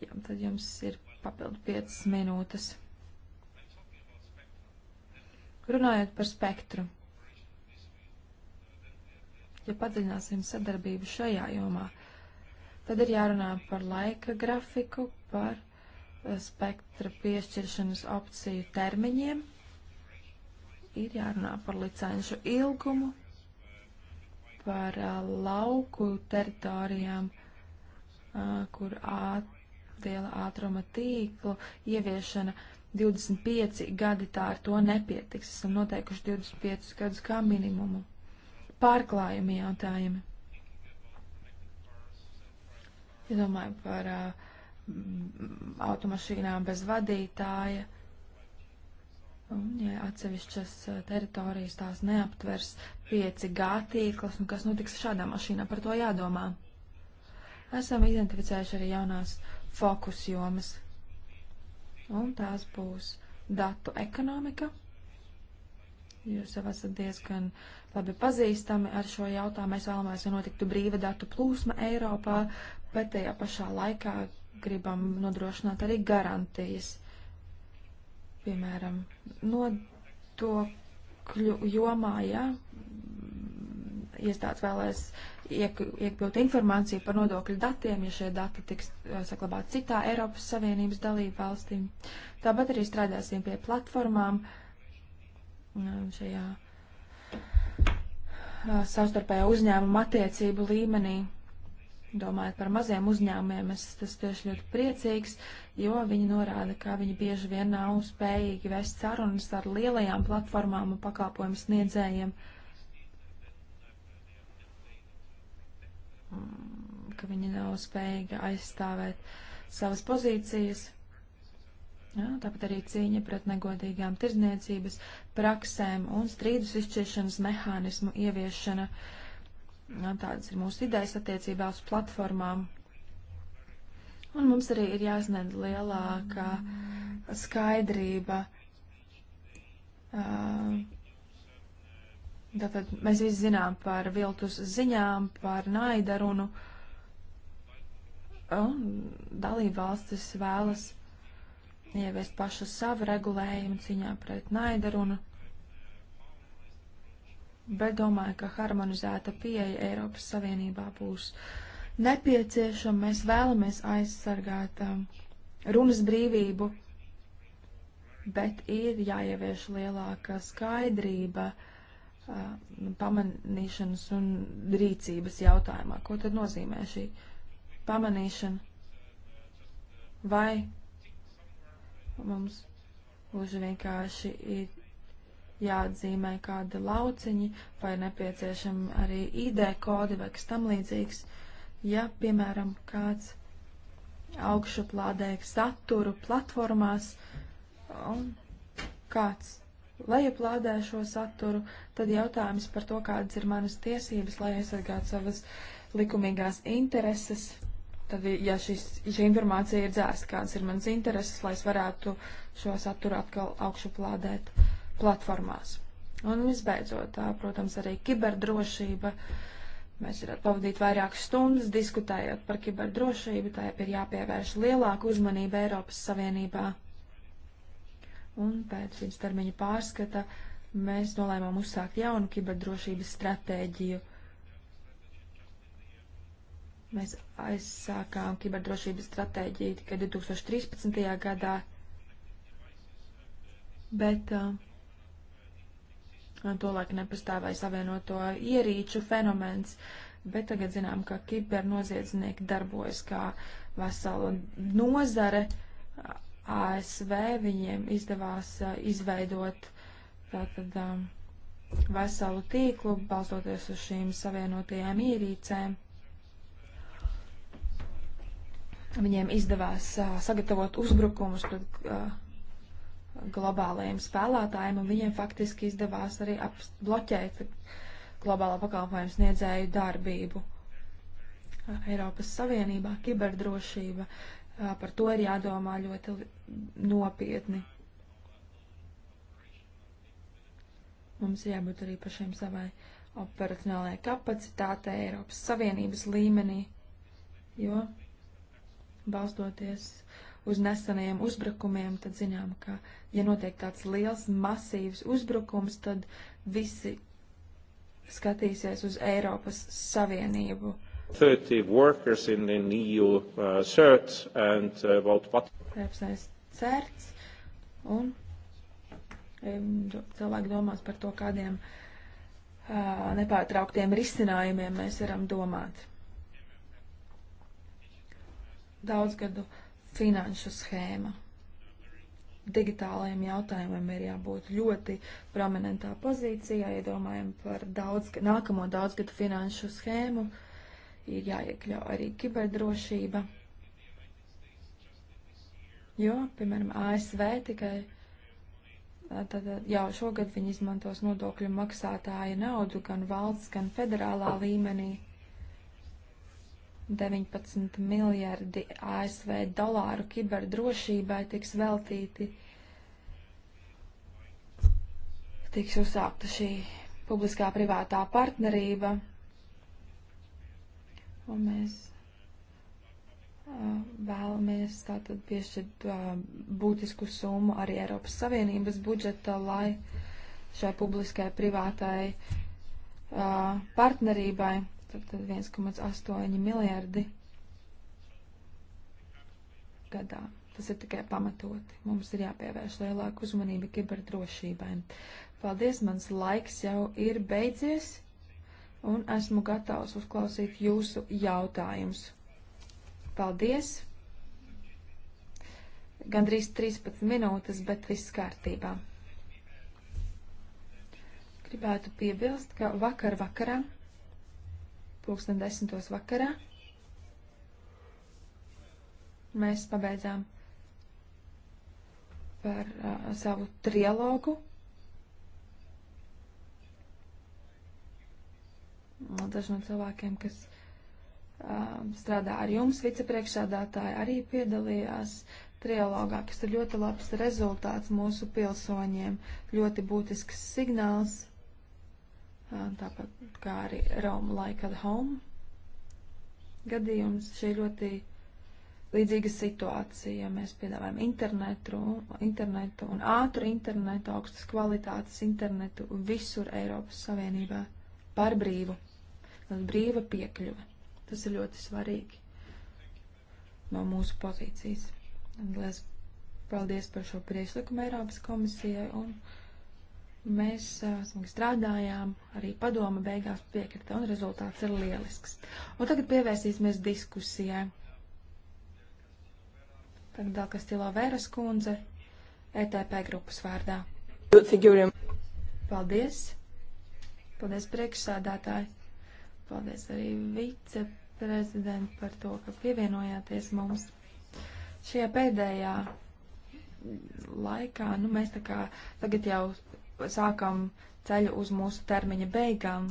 Jā, tad jums ir papildu 5 minūtes. Runājot par spektru. Ja padziļināsim sadarbību šajā jomā, tad ir jārunā par laika grafiku, par eh, spektra piešķiršanas opciju termiņiem, ir jārunā par licenšu ilgumu, par lauku teritorijām, kur liela ātruma tīklu ieviešana 25 gadi tā ar to nepietiks. Esam noteikuši 25 gadus kā minimumu. Pārklājumi jautājumi. Ja domāju par automašīnām bez vadītāja Un, ja atsevišķas eh, teritorijas tās neaptvers 5G tīklus, un nu, kas notiks šādā mašīnā, par to jādomā. Esam identificējuši arī jaunās fokus jomas. Un tās būs datu ekonomika. Jūs jau esat diezgan labi pazīstami ar šo jautājumu. Mēs vēlamies, lai notiktu brīva datu plūsma Eiropā, bet tajā pašā laikā gribam nodrošināt arī garantijas. Uh, piemēram, nodokļu jomā, ja iestādes vēlēs iegūt informāciju par nodokļu datiem, ja šie dati tiks eh, saglabāti citā Eiropas Savienības dalību valstīm. Tāpat arī strādāsim pie platformām eh, šajā eh, savstarpējā uzņēmuma attiecību līmenī. Domājot par maziem uzņēmumiem, es tas tieši ļoti priecīgs, jo viņi norāda, ka viņi bieži vien nav spējīgi vest sarunas ar lielajām platformām un pakalpojumu sniedzējiem, mm, ka viņi nav spējīgi aizstāvēt savas pozīcijas. Jā, tāpat arī cīņa pret negodīgām tirzniecības praksēm un strīdus izšķiršanas mehānismu ieviešana. Uh, Nu, tādas ir mūsu idejas attiecībā uz platformām. Un mums arī ir jāsniedz lielāka skaidrība. Tātad mēs visi zinām par viltus ziņām, par naidarunu. Un dalība valstis vēlas ieviest pašu savu regulējumu ciņā pret naidarunu bet domāju, ka harmonizēta pieeja Eiropas Savienībā būs nepieciešama. Mēs vēlamies aizsargāt um, runas brīvību, bet ir jāievieš lielāka skaidrība uh, pamanīšanas un rīcības jautājumā. Ko tad nozīmē šī pamanīšana? Vai mums gluži vienkārši ir jāatzīmē kādi lauciņi vai nepieciešami arī ID kodi vai kas tam līdzīgs. Ja, piemēram, kāds augšuplādē saturu platformās un kāds lejuplādē šo saturu, tad jautājums par to, kādas ir manas tiesības, lai aizsargātu savas likumīgās intereses. Tad, ja šis, šī informācija ir dzēsta, kādas ir manas intereses, lai es varētu šo saturu atkal augšuplādēt platformās. Un visbeidzot, tā, protams, arī kiberdrošība. Mēs varētu pavadīt vairākas stundas diskutējot par kiberdrošību, tā ir jāpievērš lielāka uzmanība Eiropas Savienībā. Un pēc viņas termiņa pārskata mēs nolēmām uzsākt jaunu kiberdrošības stratēģiju. Mēs aizsākām kiberdrošības stratēģiju tikai 2013. gadā, bet uh, Tolēk nepastāvēja savienoto ierīču fenomens, bet tagad zinām, ka kibernoziedznieki darbojas kā vesela nozare. ASV viņiem izdevās izveidot tātad veselu tīklu, balstoties uz šīm savienotajām ierīcēm. Viņiem izdevās sagatavot uzbrukumus pret globālajiem spēlētājiem, un viņiem faktiski izdevās arī bloķēt globālā pakalpojumu sniedzēju darbību. Eiropas Savienībā kiberdrošība, par to ir jādomā ļoti nopietni. Mums jābūt arī pašiem savai operacionālajai kapacitātei Eiropas Savienības līmenī, jo balstoties uh, uz nesenajiem uzbrukumiem, tad zinām, ka, ja notiek tāds liels, masīvs uzbrukums, tad visi skatīsies uz Eiropas Savienību. 30 workers in the EU uh, CERT and uh, about what? Tāpēc CERTs un cilvēki domās par to, kādiem uh, nepārtrauktiem risinājumiem mēs varam domāt. Daudzgadu gadu finanšu schēma. Digitālajiem jautājumiem ir jābūt ļoti prominentā pozīcijā, ja domājam par daudz, nākamo daudzgadu finanšu schēmu, ir jāiekļau arī kiberdrošība. Jo, piemēram, ASV tikai tad jau šogad viņi izmantos nodokļu maksātāja naudu gan valsts, gan federālā līmenī. 19 miljardi ASV dolāru kiberdrošībai tiks veltīti. Tiks uzsākta šī publiskā privātā partnerība. Un mēs vēlamies tātad piešķirt būtisku summu arī Eiropas Savienības budžeta, lai šai publiskai privātai partnerībai tad 1,8 miljardi gadā. Tas ir tikai pamatoti. Mums ir jāpievērš lielāka uzmanība kiberdrošībai. Paldies, mans laiks jau ir beidzies, un esmu gatavs uzklausīt jūsu jautājumus. Paldies! Gandrīz 13 minūtes, bet viss kārtībā. Gribētu piebilst, ka vakar vakarā pulksten desmitos vakarā. Mēs pabeidzām par uh, savu trilogu. Daži no cilvēkiem, kas uh, strādā ar jums, vicepriekšādātāji, arī piedalījās trilogā, kas ir ļoti labs rezultāts mūsu pilsoņiem, ļoti būtisks signāls tāpat kā arī Rome Like at Home gadījums. Šī ļoti līdzīga situācija. Mēs piedāvājam internetu, internetu un ātru internetu, augstas kvalitātes internetu visur Eiropas Savienībā par brīvu. Tad brīva piekļuve. Tas ir ļoti svarīgi no mūsu pozīcijas. Un liels paldies par šo priešlikumu Eiropas komisijai un komisijai Mēs smagi strādājām, arī padoma beigās piekrita, un rezultāts ir lielisks. Un tagad pievērsīsimies diskusijai. Tagad vēl Kastilo Vēras kundze, ETP grupas vārdā. Paldies! Paldies priekšsādātāji! Paldies arī viceprezidenti par to, ka pievienojāties mums. Šajā pēdējā laikā, nu mēs tā kā tagad jau sākam ceļu uz mūsu termiņa beigām.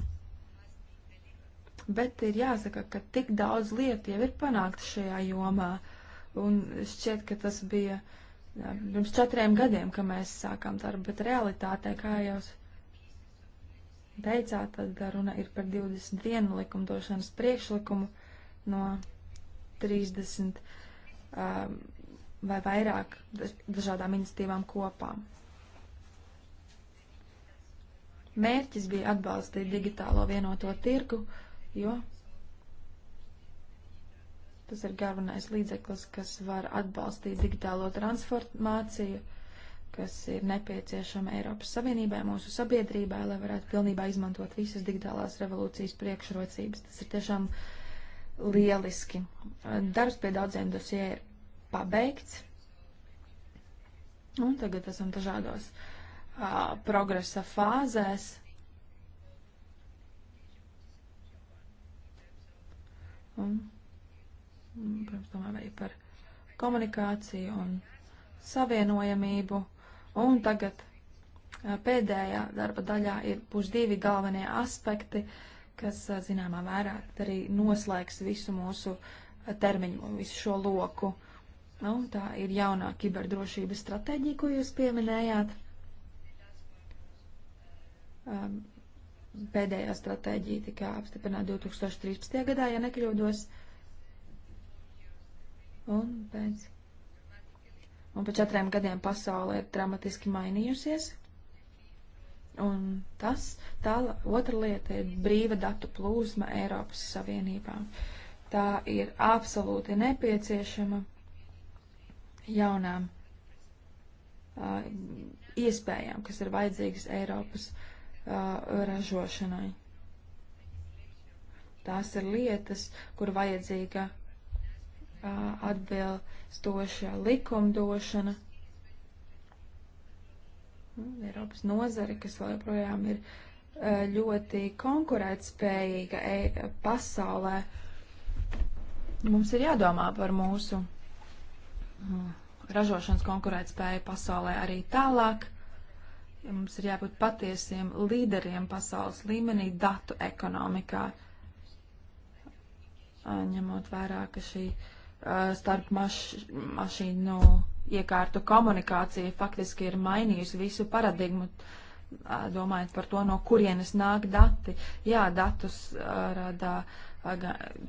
Bet ir jāsaka, ka tik daudz lietu jau ir panākts šajā jomā, un šķiet, ka tas bija jā, pirms četriem gadiem, kad mēs sākām darbu, bet realitātē, kā jau teicāt, tad runa ir par 21 likumdošanas priekšlikumu no 30 um, vai vairāk dažādām iniciatīvām kopām. Mērķis bija atbalstīt digitālo vienoto tirgu, jo tas ir galvenais līdzeklis, kas var atbalstīt digitālo transformāciju, kas ir nepieciešama Eiropas Savienībai, mūsu sabiedrībai, lai varētu pilnībā izmantot visas digitālās revolūcijas priekšrocības. Tas ir tiešām lieliski. Darbs pie daudziem dosiem ir pabeigts. Un tagad esam dažādos uh, uh, progresa fāzēs. Un, pirms domāju arī par komunikāciju un savienojamību. Un tagad uh, pēdējā darba daļā ir būs divi galvenie aspekti, kas, uh, zināmā mērā, arī noslēgs visu mūsu termiņu, visu šo loku. Nu, tā ir jaunā kiberdrošības stratēģija, ko jūs pieminējāt. Um, pēdējā stratēģija tika apstiprināta 2013. gadā, ja nekļūdos. Un pēc, un pēc četriem gadiem pasaule ir dramatiski mainījusies. Un tas, tā otra lieta ir brīva datu plūsma Eiropas Savienībā. Tā ir absolūti nepieciešama jaunām uh, iespējām, kas ir vajadzīgas Eiropas uh, ražošanai. Tās ir lietas, kur vajadzīga atbilstoša likumdošana. Eiropas nozare, kas vēl joprojām ir ļoti konkurētspējīga e pasaulē, mums ir jādomā par mūsu ražošanas konkurētspēju pasaulē arī tālāk. Mums ir jābūt patiesiem līderiem pasaules līmenī datu ekonomikā, ņemot vērā, ka šī starp maš, mašīnu iekārtu komunikācija faktiski ir mainījusi visu paradigmu domājot par to, no kurienes nāk dati. Jā, datus rada,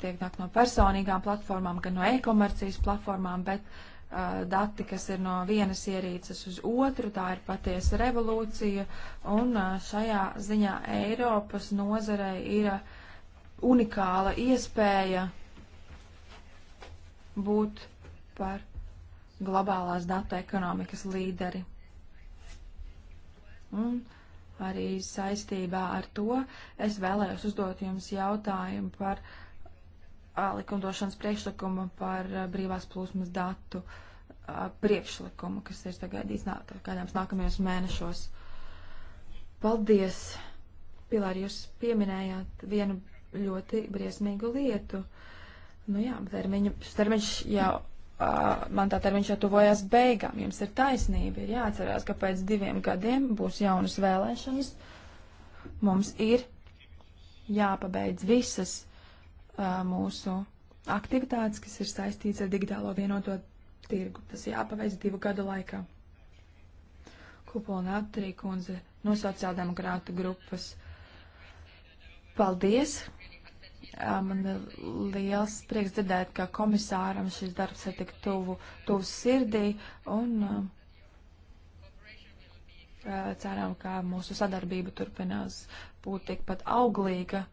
tiek nāk no personīgām platformām, gan no e-komercijas platformām, bet Eh, dati, kas ir no vienas ierīces uz otru, tā ir patiesa revolūcija, un eh, šajā ziņā Eiropas nozarei ir unikāla iespēja būt par globālās datu ekonomikas līderi. Un arī saistībā ar to es vēlējos uzdot jums jautājumu par uh, likumdošanas priekšlikumu par brīvās plūsmas datu priekšlikumu, kas ir sagaidīts kādās nākamajos mēnešos. Paldies! Pilār, jūs pieminējāt vienu ļoti briesmīgu lietu. Nu jā, termiņu, termiņš jau, man tā termiņš jau tuvojas beigām. Jums ir taisnība, ir jāatcerās, ka pēc diviem gadiem būs jaunas vēlēšanas. Mums ir jāpabeidz visas mūsu aktivitātes, kas ir saistīts ar digitālo vienoto tirgu. Tas jāpaveic divu gadu laikā. Kupolna Aptrī kundze no sociāldemokrātu grupas. Paldies! Man liels prieks dzirdēt, ka komisāram šis darbs ir tik tuvu, tuvu sirdī un cerām, ka mūsu sadarbība turpinās būt tikpat auglīga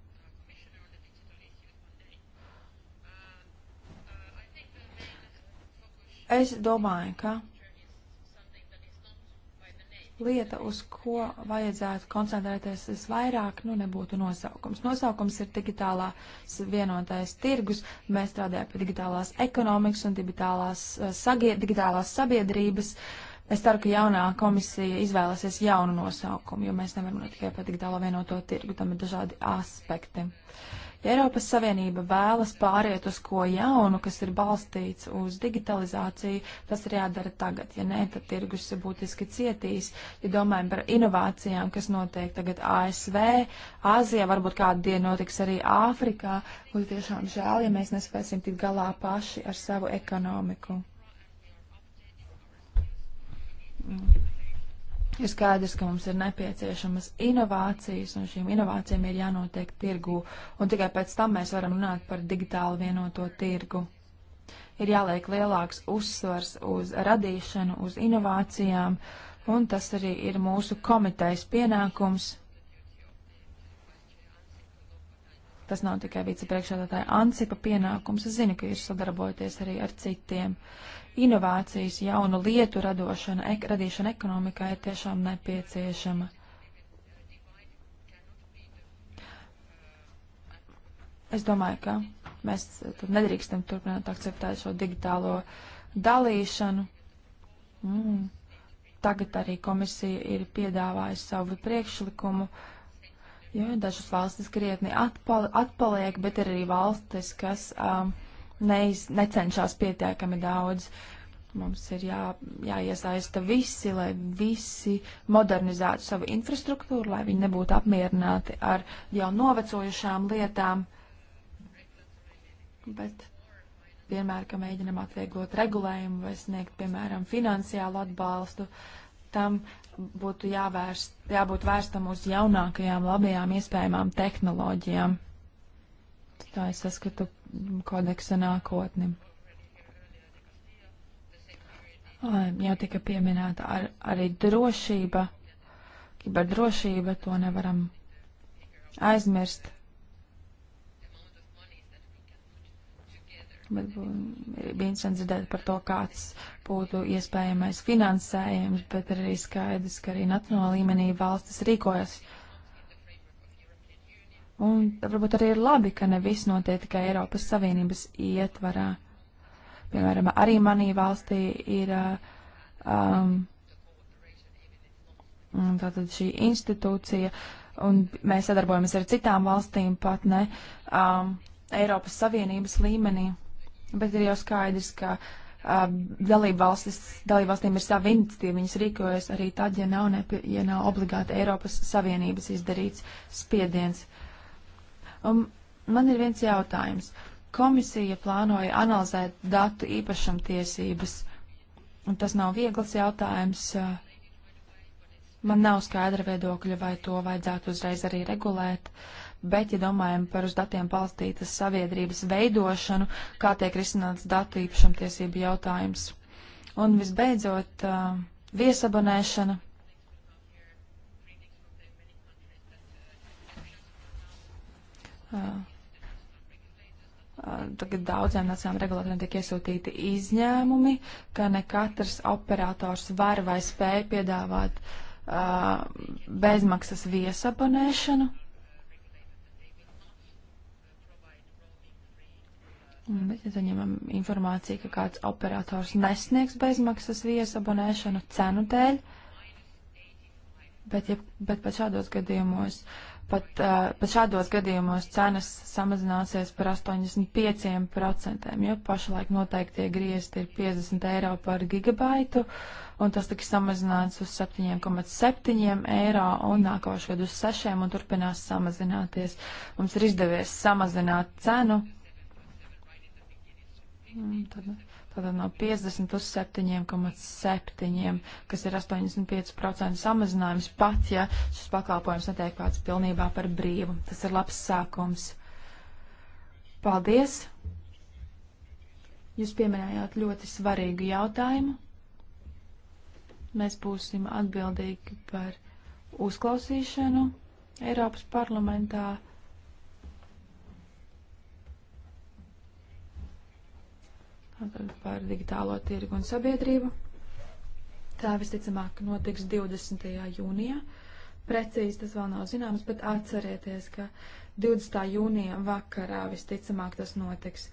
Es domāju, ka lieta, uz ko vajadzētu koncentrēties visvairāk, nu nebūtu nosaukums. Nosaukums ir digitālās vienotais tirgus. Mēs strādājam pie digitālās ekonomikas un digitālās, eh, sagie, digitālās sabiedrības. Es ceru, ka jaunā komisija izvēlēsies jaunu nosaukumu, jo mēs nevaram runāt tikai par digitālo vienoto tirgu, tam ir dažādi aspekti. Uh, Ja Eiropas Savienība vēlas pāriet uz ko jaunu, kas ir balstīts uz digitalizāciju, tas ir jādara tagad. Ja nē, tad tirgus būtiski cietīs. Ja domājam par inovācijām, kas notiek tagad ASV, Āzijā, varbūt kādu dienu notiks arī Āfrikā, būtu tiešām žēl, ja mēs nespēsim tikt galā paši ar savu ekonomiku. Mm. Ir skaidrs, ka mums ir nepieciešamas inovācijas, un šīm inovācijām ir jānotiek tirgū, un tikai pēc tam mēs varam runāt par digitāli vienoto tirgu. Ir jāliek lielāks uzsvars uz radīšanu, uz inovācijām, un tas arī ir mūsu komitejas pienākums. Tas nav tikai vicepriekšādātāja Ansipa pienākums, es zinu, ka jūs sadarbojaties arī ar citiem inovācijas, jaunu lietu radošana, ek, radīšana ekonomikā ir tiešām nepieciešama. Es domāju, ka mēs nedrīkstam turpināt akceptēt šo digitālo dalīšanu. Mm. Tagad arī komisija ir piedāvājusi savu priekšlikumu. Jo dažas valstis krietni atpal atpaliek, bet ir arī valstis, kas um, neiz, necenšas pietiekami daudz. Mums ir jā, jāiesaista visi, lai visi modernizētu savu infrastruktūru, lai viņi nebūtu apmierināti ar jau novecojušām lietām. Bet vienmēr, ka mēģinam atvieglot regulējumu vai sniegt, piemēram, finansiālu atbalstu, tam būtu jāvērst, jābūt vērstam uz jaunākajām, labajām iespējamām tehnoloģijām. Tā es saskatu kodeksa nākotni. Jau tika pieminēta ar, arī drošība, kiberdrošība, to nevaram aizmirst. Bet bija interesanti dzirdēt par to, kāds būtu iespējamais finansējums, bet arī skaidrs, ka arī nacionālā līmenī valstis rīkojas uh, Un varbūt arī ir labi, ka ne viss notiek tikai Eiropas Savienības ietvarā. Piemēram, arī manī valstī ir um, tātad šī institūcija, un mēs sadarbojamies ar citām valstīm pat ne um, Eiropas Savienības līmenī. Bet ir jau skaidrs, ka um, dalībvalstis, dalībvalstīm ir sava iniciatīva, viņas rīkojas arī tad, ja nav, nepie, ja nav obligāti Eiropas Savienības izdarīts spiediens. Uh, Um, man ir viens jautājums. Komisija plānoja analizēt datu īpašumtiesības. Un tas nav viegls jautājums. Man nav skaidra viedokļa, vai to vajadzētu uzreiz arī regulēt. Bet, ja domājam par uz datiem balstītas sabiedrības veidošanu, kā tiek risināts datu īpašumtiesību jautājums. Un visbeidzot, viesabonēšana Tagad daudziem nacionālajiem regulātoriem tiek iesūtīti izņēmumi, ka ne katrs operators var vai spēj piedāvāt uh, bezmaksas viesabonēšanu. Bet, ja saņemam informāciju, ka kāds operators nesniegs bezmaksas viesabonēšanu cenu dēļ, bet, ja, bet pat šādos gadījumos uh, Pat, uh, pat šādos gadījumos cenas samazināsies par 85%, jo pašlaik noteiktie griezti ir 50 eiro par gigabaitu, un tas tiks samazināts uz 7,7 eiro un nākošajā gadu uz 6 un turpinās samazināties. Mums ir izdevies samazināt cenu. Un tad, nu, Tātad no 50 uz 7,7, kas ir 85% samazinājums, pat ja šis pakalpojums netiek pats pilnībā par brīvu. Tas ir labs sākums. Paldies! Jūs pieminējāt ļoti svarīgu jautājumu. Mēs būsim atbildīgi par uzklausīšanu Eiropas parlamentā par digitālo tirgu un sabiedrību. Tā visticamāk notiks 20. jūnijā. Precīzi tas vēl nav zināms, bet atcerieties, ka 20. jūnija vakarā visticamāk tas notiks.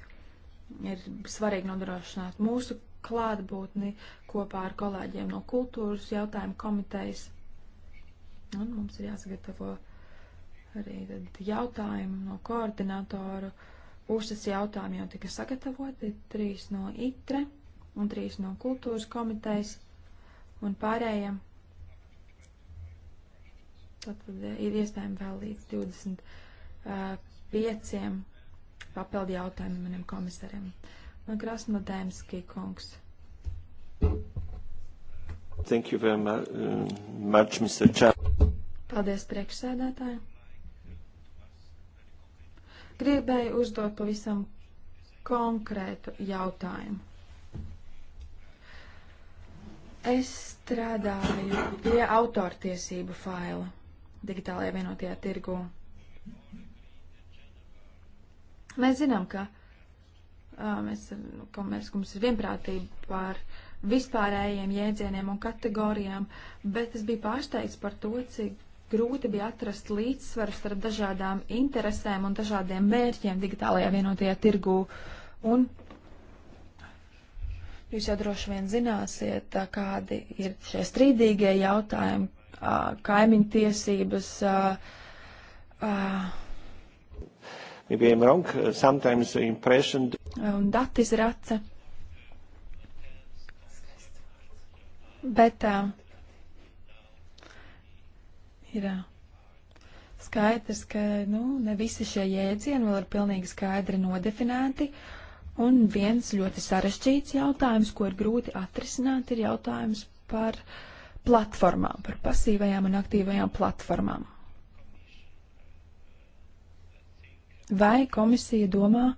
Ir svarīgi nodrošināt mūsu klātbūtni kopā ar kolēģiem no kultūras jautājumu komitejas. Un mums ir jāsagatavo arī jautājumi no koordinatoru Uzsas jautājumi jau tika sagatavoti, trīs no ITRE un trīs no kultūras komitejas un pārējiem. Tad eh, ir iespējami vēl līdz 25 eh, papildu jautājumiem maniem komisariem. Man Krasnodēmski kungs. Thank you very uh, much, Mr. Chair. Paldies priekšsēdētāji. Gribēju uzdot pavisam konkrētu jautājumu. Es strādāju pie autortiesību faila digitālajā vienotajā tirgū. Mēs zinām, ka mēs, ka mēs, ka mums ir vienprātība par vispārējiem jēdzieniem un kategorijām, bet es biju pārsteigts par to, cik grūti bija atrast līdzsvaru starp dažādām interesēm un dažādiem mērķiem digitālajā vienotajā tirgū. Un jūs jau droši vien zināsiet, kādi ir šie strīdīgie jautājumi, kaimiņu tiesības. Maybe I'm wrong. Sometimes impression. Un dati izrace. Bet uh, ir skaidrs, ka nu, ne visi šie jēdzieni vēl ir pilnīgi skaidri nodefinēti. Un viens ļoti sarežģīts jautājums, ko ir grūti atrisināt, ir jautājums par platformām, par pasīvajām un aktīvajām platformām. Vai komisija domā,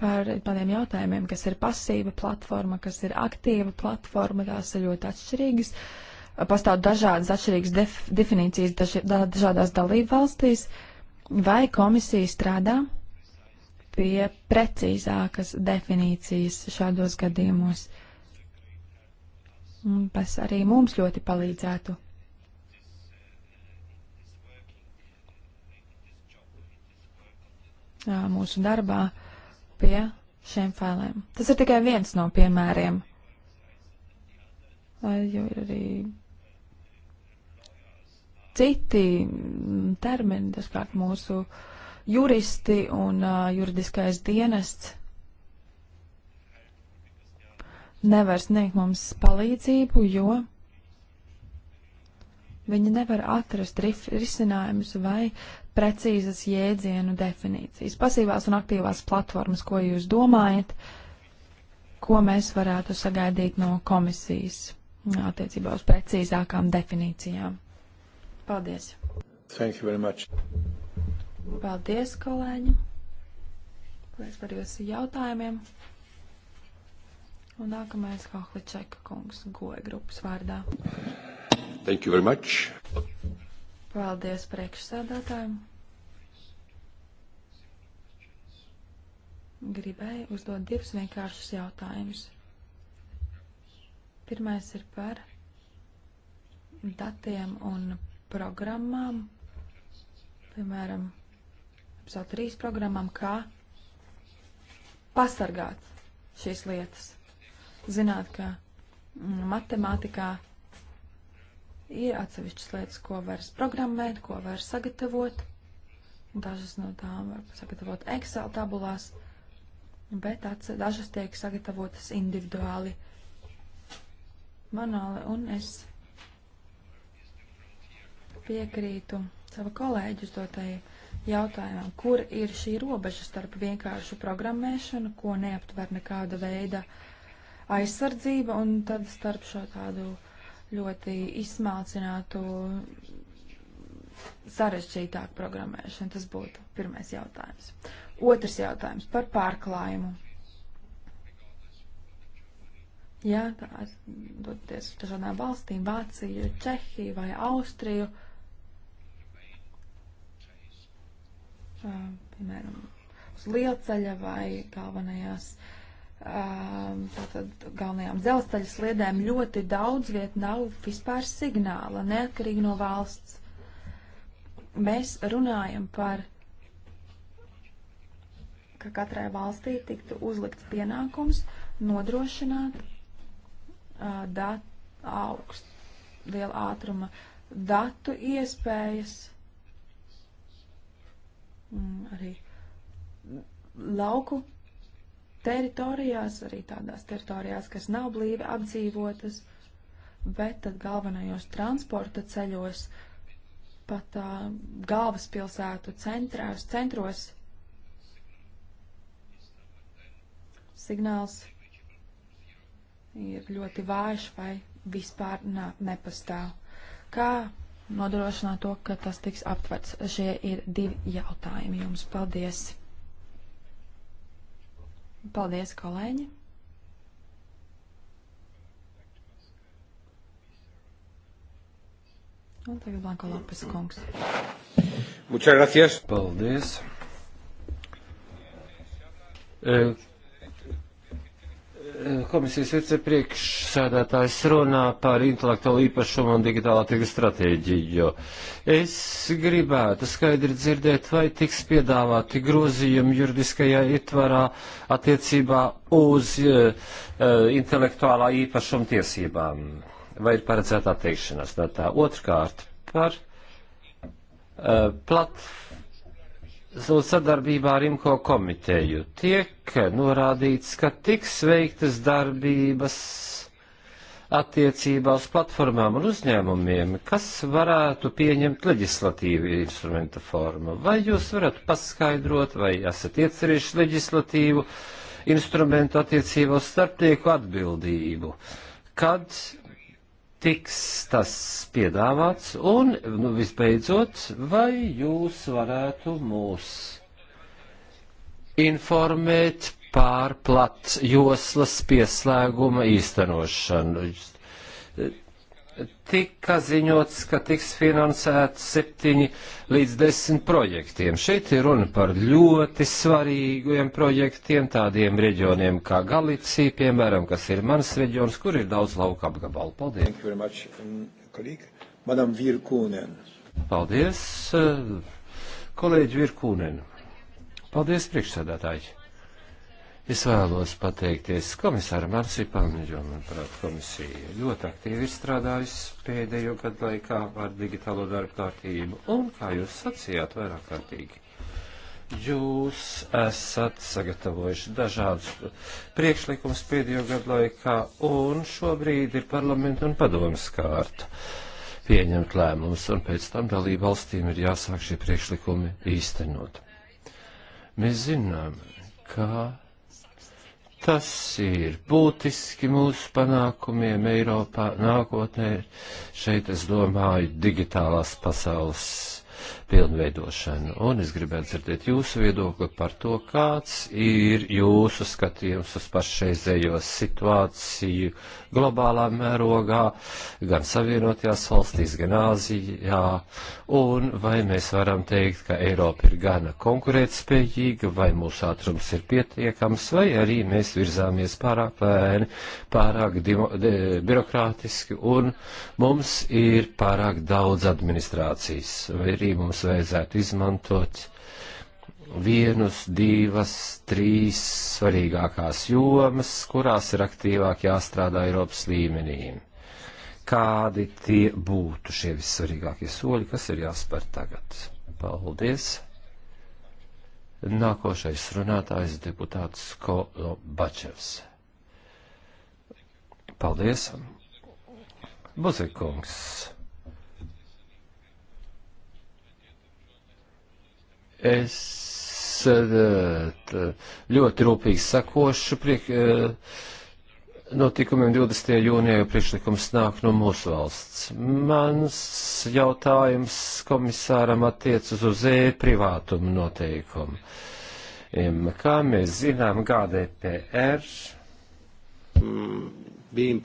par tādiem jautājumiem, kas ir pasīva platforma, kas ir aktīva platforma, tās ir ļoti atšķirīgas. Pastāv dažādas atšķirīgas def, definīcijas daž, da, dažādās dalību valstīs. Vai komisija strādā pie precīzākas definīcijas šādos gadījumos? Tas arī mums ļoti palīdzētu. Mūsu darbā uh, pie šiem failiem. Tas ir tikai viens no piemēriem. Jo ir arī citi mm, termini, dažkārt mūsu juristi un uh, juridiskais dienests nevar sniegt mums palīdzību, jo viņi nevar atrast risinājumus vai precīzas jēdzienu definīcijas. Pasīvās un aktīvās platformas, ko jūs domājat, ko mēs varētu sagaidīt no komisijas attiecībā uz precīzākām definīcijām. Paldies! Thank you very much. Paldies, kolēģi! Paldies par jūsu jautājumiem! Un nākamais Hohličeka kungs goja grupas vārdā. Thank you very much. Paldies priekšsēdētājiem. Gribēju uzdot divus vienkāršus jautājumus. Pirmais ir par datiem un programmām, piemēram, apsau trīs programmām, kā pasargāt šīs lietas. Zināt, ka matemātikā Ir atsevišķas lietas, ko var programmēt, ko var sagatavot. Dažas no tām var sagatavot Excel tabulās, bet dažas tiek sagatavotas individuāli manuāli, un es piekrītu sava kolēģi uzdotai jautājumam, kur ir šī robeža starp vienkāršu programmēšanu, ko neaptver nekāda veida aizsardzība, un tad starp šo tādu uh, ļoti izsmalcinātu, sarežģītāku programmēšanu. Tas būtu pirmais jautājums. Otrs jautājums par pārklājumu. Jā, tā doties uz dažādām valstīm, Vāciju, Čehiju vai Austriju. Piemēram, uz lielceļa vai galvenajās uh, tātad galvenajām dzelzceļa sliedēm ļoti daudz viet nav vispār signāla, neatkarīgi no valsts. Mēs runājam par, ka katrai valstī tiktu uzlikts pienākums nodrošināt uh, dat, augst, liela ātruma datu iespējas, mm, arī lauku teritorijās, arī tādās teritorijās, kas nav blīvi apdzīvotas, bet tad galvenajos transporta ceļos, pat uh, galvaspilsētu centrās, centros signāls ir ļoti vājš vai vispār nā, nepastāv. Kā nodrošināt to, ka tas tiks aptverts? Šie ir divi jautājumi jums. Paldies! Paldies, kolēģi! Un tagad Blanko Lopes kungs. Muchas gracias. Paldies. E, komisijas vicepriekšsēdētājs runā par intelektuālu īpašumu un digitālā tirgus stratēģiju. Es gribētu skaidri dzirdēt, vai tiks piedāvāti grozījumi juridiskajā ietvarā attiecībā uz uh, intelektuālā īpašuma tiesībām, vai ir paredzēta attiekšanās no tā. Otrkārt, par uh, eh, platformu un sadarbībā ar IMCO komiteju tiek norādīts, ka tiks veiktas darbības attiecībā uz platformām un uzņēmumiem, kas varētu pieņemt leģislatīvu instrumenta formu. Vai jūs varat paskaidrot, vai esat iecerījuši leģislatīvu instrumentu attiecībā uz starptieku atbildību? Kad tiks tas piedāvāts? Un, nu, visbeidzot, vai jūs varētu mūs informēt pārplats joslas pieslēguma īstenošanu? tika ziņots, ka tiks finansēts septiņi līdz desmit projektiem. Šeit ir runa par ļoti svarīgiem projektiem, tādiem reģioniem kā Galicija, piemēram, kas ir mans reģions, kur ir daudz lauka apgabalu. Paldies! Um, Paldies, uh, kolēģi Virkūnen! Paldies, priekšsēdētāji! Es vēlos pateikties komisāram Arsipam, jo, manuprāt, komisija ļoti aktīvi ir strādājusi pēdējo gadu laikā ar digitālo darbu kārtību, un, kā jūs sacījāt, vairāk kārtīgi. Jūs esat sagatavojuši dažādus priekšlikumus pēdējo gadu laikā, un šobrīd ir parlamenta un padomas kārta pieņemt lēmumus, un pēc tam dalību valstīm ir jāsāk šie priekšlikumi īstenot. Mēs zinām, ka Tas ir būtiski mūsu panākumiem Eiropā nākotnē. Šeit es domāju digitālās pasaules pilnveidošanu. Un es gribētu dzirdēt jūsu viedokli par to, kāds ir jūsu skatījums uz pašreizējo situāciju globālā mērogā, gan Savienotajās valstīs, gan Āzijā, un vai mēs varam teikt, ka Eiropa ir gana konkurētspējīga, vai mūsu ātrums ir pietiekams, vai arī mēs virzāmies pārāk lēni, pārāk dimo, de, birokrātiski, un mums ir pārāk daudz administrācijas, vai arī mums vajadzētu izmantot vienus, divas, trīs svarīgākās jomas, kurās ir aktīvāk jāstrādā Eiropas līmenī. Kādi tie būtu šie vissvarīgākie soļi, kas ir jāspēr tagad? Paldies! Nākošais runātājs deputāts Kolo Bačevs. Paldies! Buzekungs! Es Eh, ļoti rūpīgi sakošu priek, eh, notikumiem 20. jūnijā, jo priekšlikums nāk no mūsu valsts. Mans jautājums komisāram attiecas uz e-privātumu noteikumu. Kā mēs zinām, GDPR. Mm,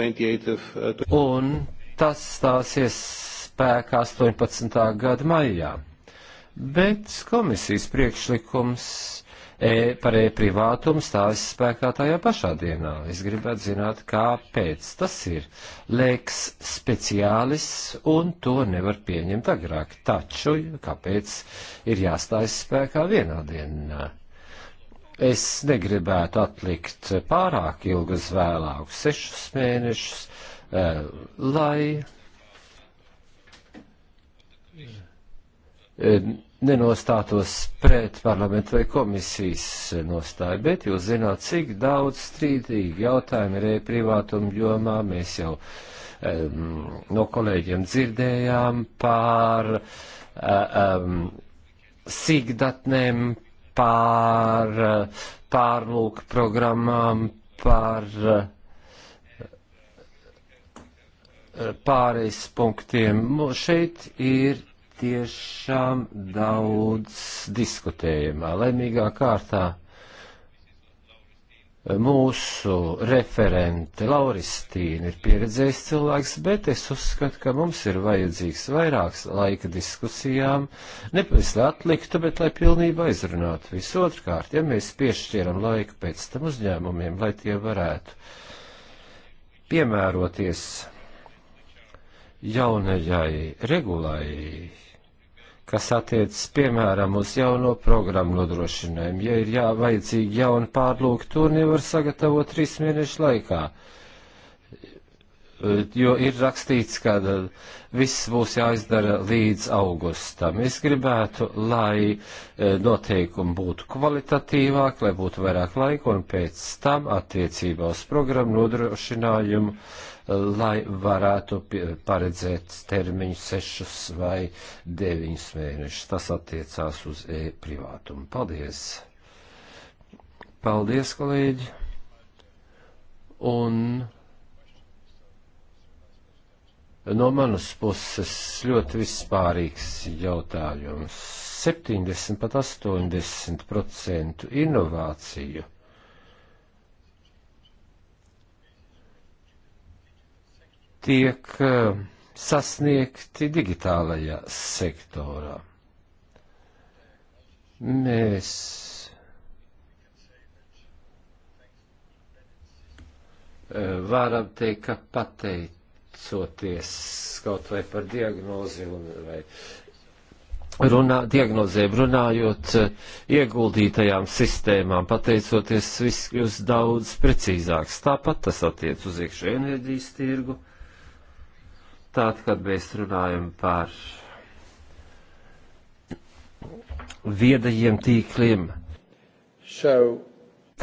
uh, Un tas stāsies spēkā 18. gada maijā bet komisijas priekšlikums e, par e-privātumu stājas spēkā tajā pašā dienā. Es gribētu zināt, kāpēc tas ir. Lēks speciālis un to nevar pieņemt agrāk. Taču kāpēc ir jāstājas spēkā vienā dienā? Es negribētu atlikt pārāk ilgi uz vēlāku sešus mēnešus, e, lai E, nenostātos pret parlamentu vai komisijas nostāju, bet jūs zināt, cik daudz strīdīgi jautājumi ir privātuma jomā. Mēs jau um, no kolēģiem dzirdējām pār um, e, sīkdatnēm, pār e, pārlūk programmām, pār pārejas punktiem. Šeit ir tiešām daudz diskutējumā. Laimīgā kārtā mūsu referente Lauristīna ir pieredzējis cilvēks, bet es uzskatu, ka mums ir vajadzīgs vairāks laika diskusijām, nevis lai atliktu, bet lai pilnībā izrunātu visu. Otrkārt, ja mēs piešķiram laiku pēc tam uzņēmumiem, lai tie varētu piemēroties jaunajai regulai, kas attiecas piemēram uz jauno programmu nodrošinājumu. Ja ir jā, vajadzīgi jauna pārlūka, to nevar sagatavot trīs mēnešu laikā. E, jo ir rakstīts, ka e, viss būs jāizdara līdz augustam. Es gribētu, lai e, noteikumi būtu kvalitatīvāki, lai būtu vairāk laika un pēc tam attiecībā uz programmu nodrošinājumu uh, lai varētu paredzēt termiņu sešus vai deviņus mēnešus. Tas attiecās uz e-privātumu. Paldies! Paldies, kolēģi! Un no manas puses ļoti vispārīgs jautājums. 70 pat 80% inovāciju tiek eh, sasniegti digitālajā sektorā. Mēs varam teikt, ka pateicoties kaut vai par diagnozi vai runā, diagnozēm runājot, eh, ieguldītajām sistēmām, pateicoties viss kļūst daudz precīzāks. Tāpat tas attiec uz iekšē enerģijas tirgu. Uh, Tad, kad mēs runājam par viedajiem tīkliem, so,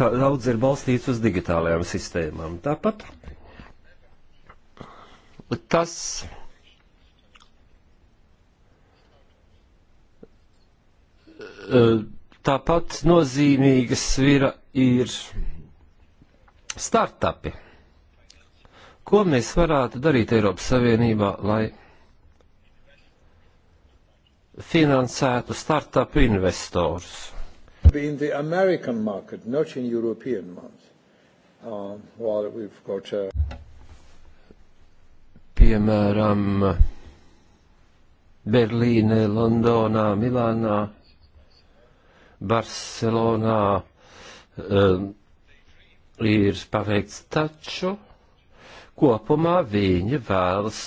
tā daudz ir balstīts uz digitālajām sistēmām. Tāpat tas tāpat nozīmīga svira ir startupi. Ko mēs varētu darīt Eiropas Savienībā, lai finansētu startup investorus? In the American market, not in European ones. Uh, well, we've got, uh... Piemēram, Berlīne, Londonā, Milānā, Barcelonā um, ir paveikts taču Kopumā viņi vēlas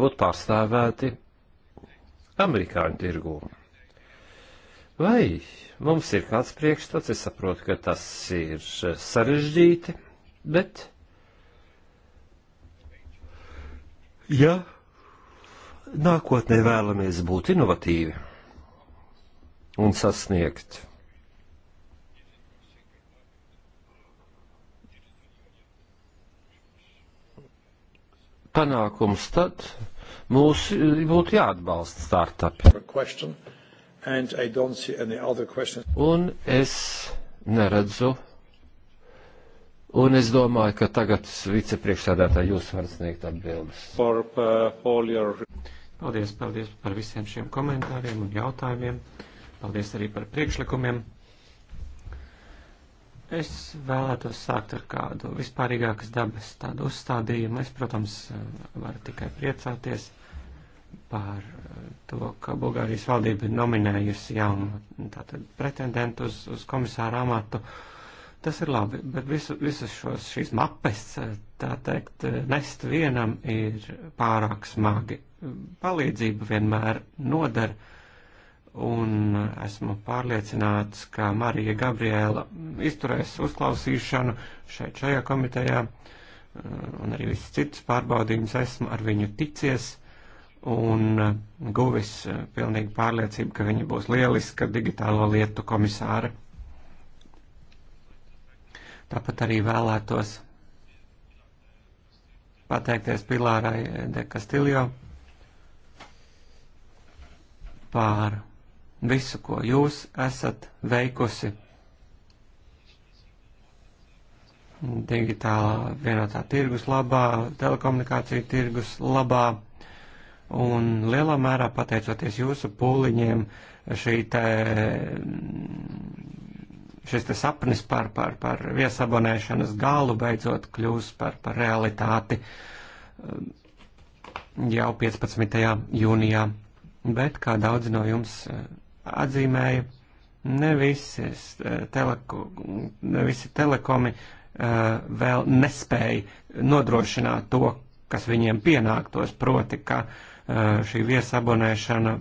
būt pārstāvēti amerikāņu tirgū. Vai mums ir kāds priekšstats? Es saprotu, ka tas ir sarežģīti, bet. Ja nākotnē vēlamies būt inovatīvi un sasniegt panākumus, tad mūs būtu jāatbalsta startupi. Un es neredzu Un es domāju, ka tagad vicepriekšsēdētāji jūs varat sniegt atbildes. For, uh, your... Paldies, paldies par visiem šiem komentāriem un jautājumiem. Paldies arī par priekšlikumiem. Es vēlētos sākt ar kādu vispārīgākas dabas tādu uzstādījumu. Es, protams, varu tikai priecāties par eh, to, ka Bulgārijas valdība ir nominējusi jaunu tātad, pretendentu uz, uz komisāru amatu. Tas ir labi, bet visu, visas šos, šīs mapes, eh, tā teikt, eh, nest vienam ir pārāk smagi. Palīdzība vienmēr nodara un esmu pārliecināts, ka Marija Gabriela izturēs uzklausīšanu šeit šajā komitejā, uh, un arī visus citus pārbaudījumus esmu ar viņu ticies, un uh, guvis uh, pilnīgi pārliecību, ka viņa būs lieliska digitālo lietu komisāra. Tāpat arī vēlētos pateikties Pilārai de Castillo par visu, ko jūs esat veikusi digitālā vienotā tirgus labā, telekomunikāciju tirgus labā, un lielā mērā pateicoties jūsu pūliņiem šī te, šis te sapnis par, par, par viesabonēšanas galu beidzot kļūs par, par realitāti um, jau 15. jūnijā. Bet, kā daudzi no jums atzīmēja, ne, visies, eh, teleko, ne visi telekomi eh, vēl nespēja nodrošināt to, kas viņiem pienāktos, proti, ka eh, šī viesabonēšana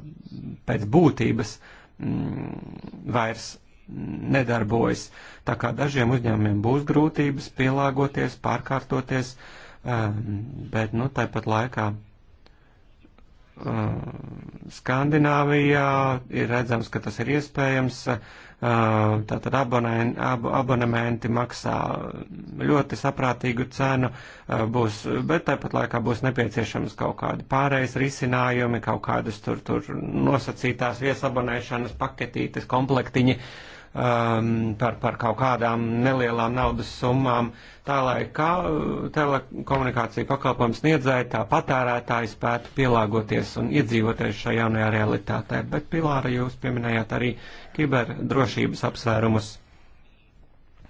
pēc būtības mm, vairs nedarbojas. Tā kā dažiem uzņēmumiem būs grūtības pielāgoties, pārkārtoties, bet, nu, tāpat laikā Uh, Skandināvijā ir redzams, ka tas ir iespējams. Uh, Tātad abonēn, ab, abonementi maksā ļoti saprātīgu cenu, uh, būs, bet tāpat laikā būs nepieciešams kaut kādi pārējais risinājumi, kaut kādas tur, tur nosacītās viesabonēšanas paketītes, komplektiņi. Uh, um, par, par kaut kādām nelielām naudas summām, tā lai kā telekomunikācija pakalpojums sniedzēja, tā patērētāji spētu pielāgoties un iedzīvoties šajā jaunajā realitātē. Bet, Pilāra, jūs pieminējāt arī kiberdrošības apsvērumus.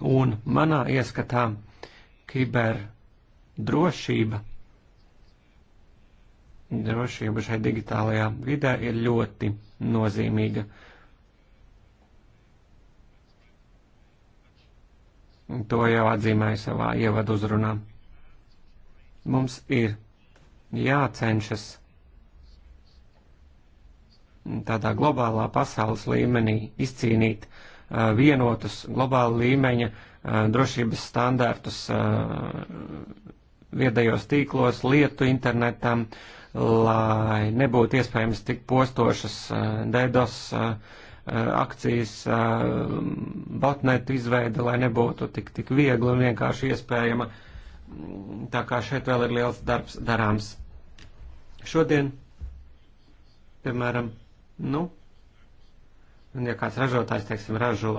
Un manā ieskatā kiberdrošība drošība šai digitālajā vidē ir ļoti nozīmīga. Uh, To jau atzīmēju savā ievadu uzrunā. Mums ir jācenšas tādā globālā pasaules līmenī izcīnīt uh, vienotus globāla līmeņa uh, drošības standārtus uh, viedajos tīklos, lietu internetam, lai nebūtu iespējams tik postošas DDoS Eh, akcijas eh, botnetu izveide, lai nebūtu tik, tik viegli un vienkārši iespējama. Tā kā šeit vēl ir liels darbs darāms. Šodien, piemēram, nu, un ja kāds ražotājs, teiksim, ražo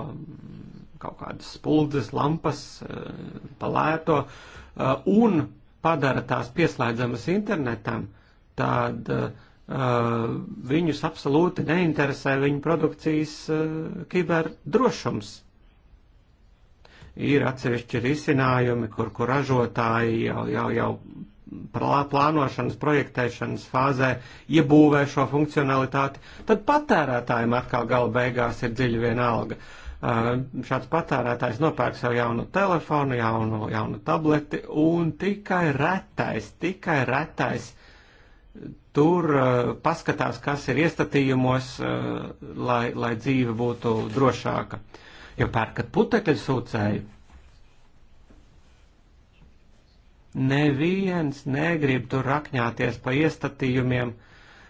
kaut kādas spuldzes, lampas, eh, palēto, un padara tās pieslēdzamas internetam, tad uh, Uh, viņus absolūti neinteresē viņu produkcijas uh, kiberdrošums. Ir atsevišķi risinājumi, kur, kur ražotāji jau, jau, jau plānošanas, projektēšanas fāzē iebūvē šo funkcionalitāti, tad patērētājiem atkal gala beigās ir dziļi vienalga. Uh, šāds patērētājs nopērk sev jaunu telefonu, jaunu, jaunu tableti un tikai retais, tikai retais uh, tur eh, paskatās, kas ir iestatījumos, eh, lai, lai dzīve būtu drošāka. Jo pērkat putekļu sūcēju, neviens negrib tur rakņāties pa iestatījumiem,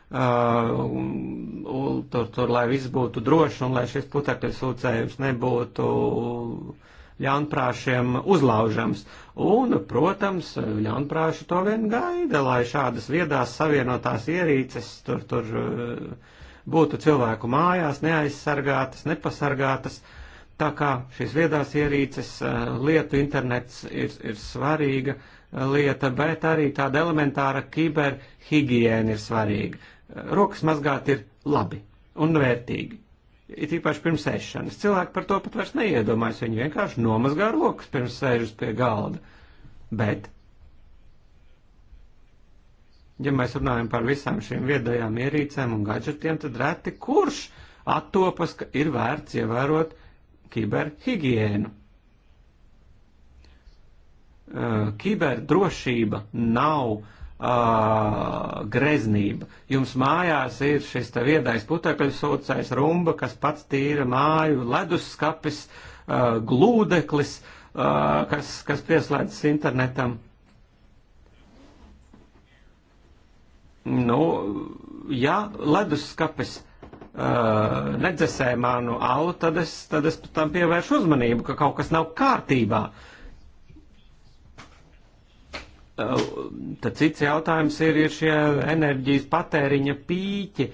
uh, tur, tur, lai viss būtu droši un lai šis putekļu sūcējums nebūtu uh, ļaunprāšiem uzlaužams. Un, protams, ļaunprāši to vien gaida, lai šādas viedās savienotās ierīces tur, tur eh, būtu cilvēku mājās, neaizsargātas, nepasargātas. Tā kā šīs viedās ierīces eh, lietu internets ir, ir svarīga eh, lieta, bet arī tāda elementāra kiberhigiēna ir svarīga. Rokas mazgāt ir labi un vērtīgi it īpaši pirms ēšanas. Cilvēki par to pat vairs neiedomājas, viņi vienkārši nomazgā rokas pirms sēžas pie galda. Bet, ja mēs runājam par visām šīm viedajām ierīcēm un gadžetiem, tad reti kurš attopas, ka ir vērts ievērot kiberhigiēnu. Kiberdrošība nav uh, uh, greznība. Jums mājās ir šis te viedais putekļsūcais rumba, kas pats tīra māju, leduskapis, uh, glūdeklis, uh, kas, kas pieslēdzas internetam. Nu, ja leduskapis uh, nedzesē manu alu, tad es, tad es tam pievēršu uzmanību, ka kaut kas nav kārtībā. Uh, Tad cits jautājums ir, ir šie enerģijas patēriņa pīķi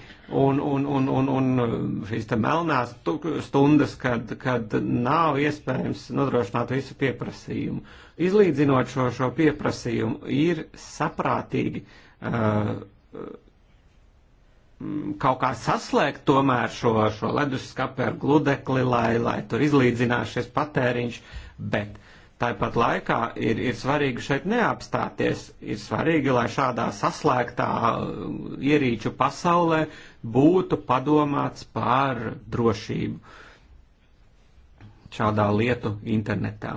un, un, un, un, un šīs te melnās stundas, kad, kad nav iespējams nodrošināt visu pieprasījumu. Izlīdzinot šo, šo pieprasījumu, ir saprātīgi uh, kaut kā saslēgt tomēr šo, šo leduskapi ar gludekli, lai, lai tur izlīdzinās šis patēriņš, bet uh, Tāpat laikā ir, ir svarīgi šeit neapstāties. Ir svarīgi, lai šādā saslēgtā uh, ierīču pasaulē būtu padomāts par drošību šādā lietu internetā.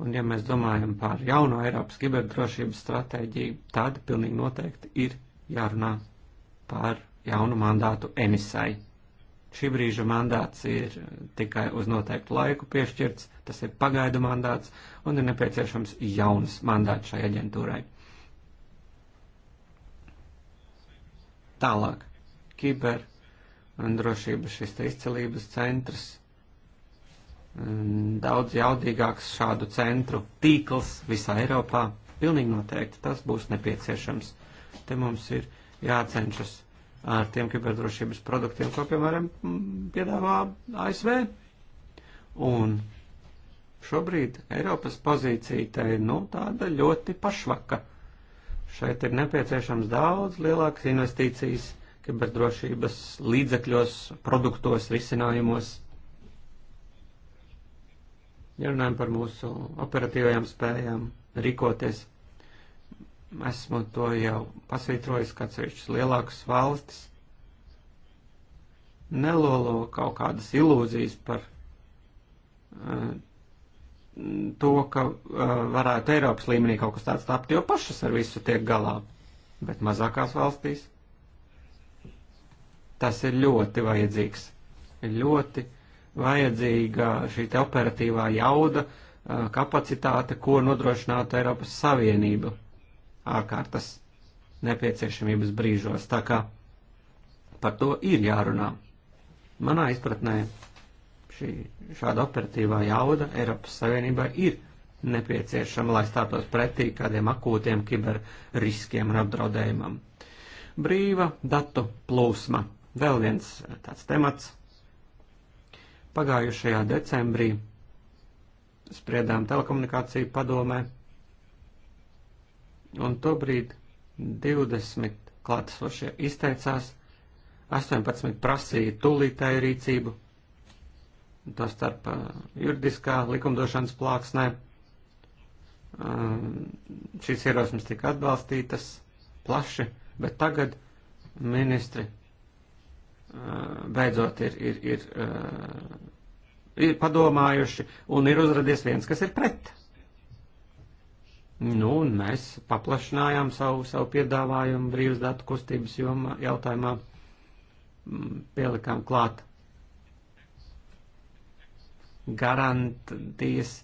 Un ja mēs domājam par jauno Eiropas kiberdrošības stratēģiju, tad pilnīgi noteikti ir jārunā par jaunu mandātu emisai. Šī brīža mandāts ir tikai uz noteiktu laiku piešķirts tas ir pagaidu mandāts un ir nepieciešams jauns mandāts šai aģentūrai. Tālāk, kiber un drošība šis te izcelības centrs, mm, daudz jaudīgāks šādu centru tīkls visā Eiropā, pilnīgi noteikti tas būs nepieciešams. Te mums ir jācenšas ar tiem kiberdrošības produktiem, ko, piemēram, piedāvā ASV. Un Šobrīd Eiropas pozīcija te ir, nu, tāda ļoti pašvaka. Šeit ir nepieciešams daudz lielākas investīcijas kiberdrošības līdzekļos, produktos, risinājumos. Ja runājam par mūsu operatīvajām spējām rīkoties, esmu to jau pasvītrojis kāds višķis lielākas valstis. Nelolo kaut kādas ilūzijas par uh, to, ka uh, varētu Eiropas līmenī kaut kas tāds tapt, jo pašas ar visu tiek galā. Bet mazākās valstīs tas ir ļoti vajadzīgs. Ir ļoti vajadzīga šī te operatīvā jauda, uh, kapacitāte, ko nodrošinātu Eiropas Savienību ārkārtas nepieciešamības brīžos. Tā kā par to ir jārunā. Manā izpratnē šī, šāda operatīvā jauda Eiropas Savienībai ir nepieciešama, lai stātos pretī kādiem akūtiem kiberriskiem un apdraudējumam. Brīva datu plūsma. Vēl viens tāds temats. Pagājušajā decembrī spriedām telekomunikāciju padomē, un tobrīd 20 klātesošie izteicās, 18 prasīja tūlītēju rīcību, to starp juridiskā likumdošanas plāksnē. Šīs ierosmes tika atbalstītas plaši, bet tagad ministri beidzot ir, ir, ir, ir padomājuši un ir uzradies viens, kas ir pret. Nu, un mēs paplašinājām savu, savu piedāvājumu brīvas datu kustības jomā jautājumā, mm, pielikām klāt garantijas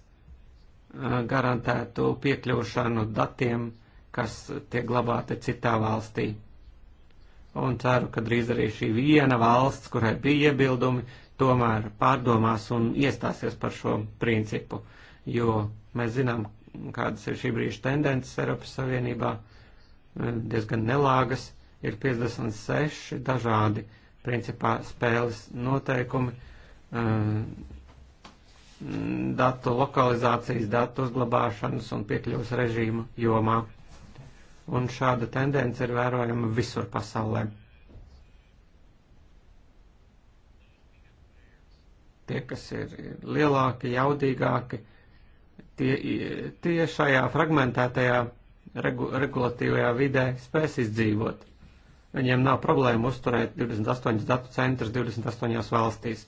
garantētu piekļūšanu datiem, kas tiek glabāti citā valstī. Un ceru, ka drīz arī šī viena valsts, kurai bija iebildumi, tomēr pārdomās un iestāsies par šo principu, jo mēs zinām, kādas ir šī brīža tendences Eiropas Savienībā, diezgan nelāgas, ir 56 dažādi principā spēles noteikumi, datu lokalizācijas, datu uzglabāšanas un piekļuvas režīmu jomā. Un šāda tendence ir vērojama visur pasaulē. Tie, kas ir lielāki, jaudīgāki, tie, tie šajā fragmentētajā regu, regulatīvajā vidē spēs izdzīvot. Viņiem nav problēma uzturēt 28 datu centrus 28 valstīs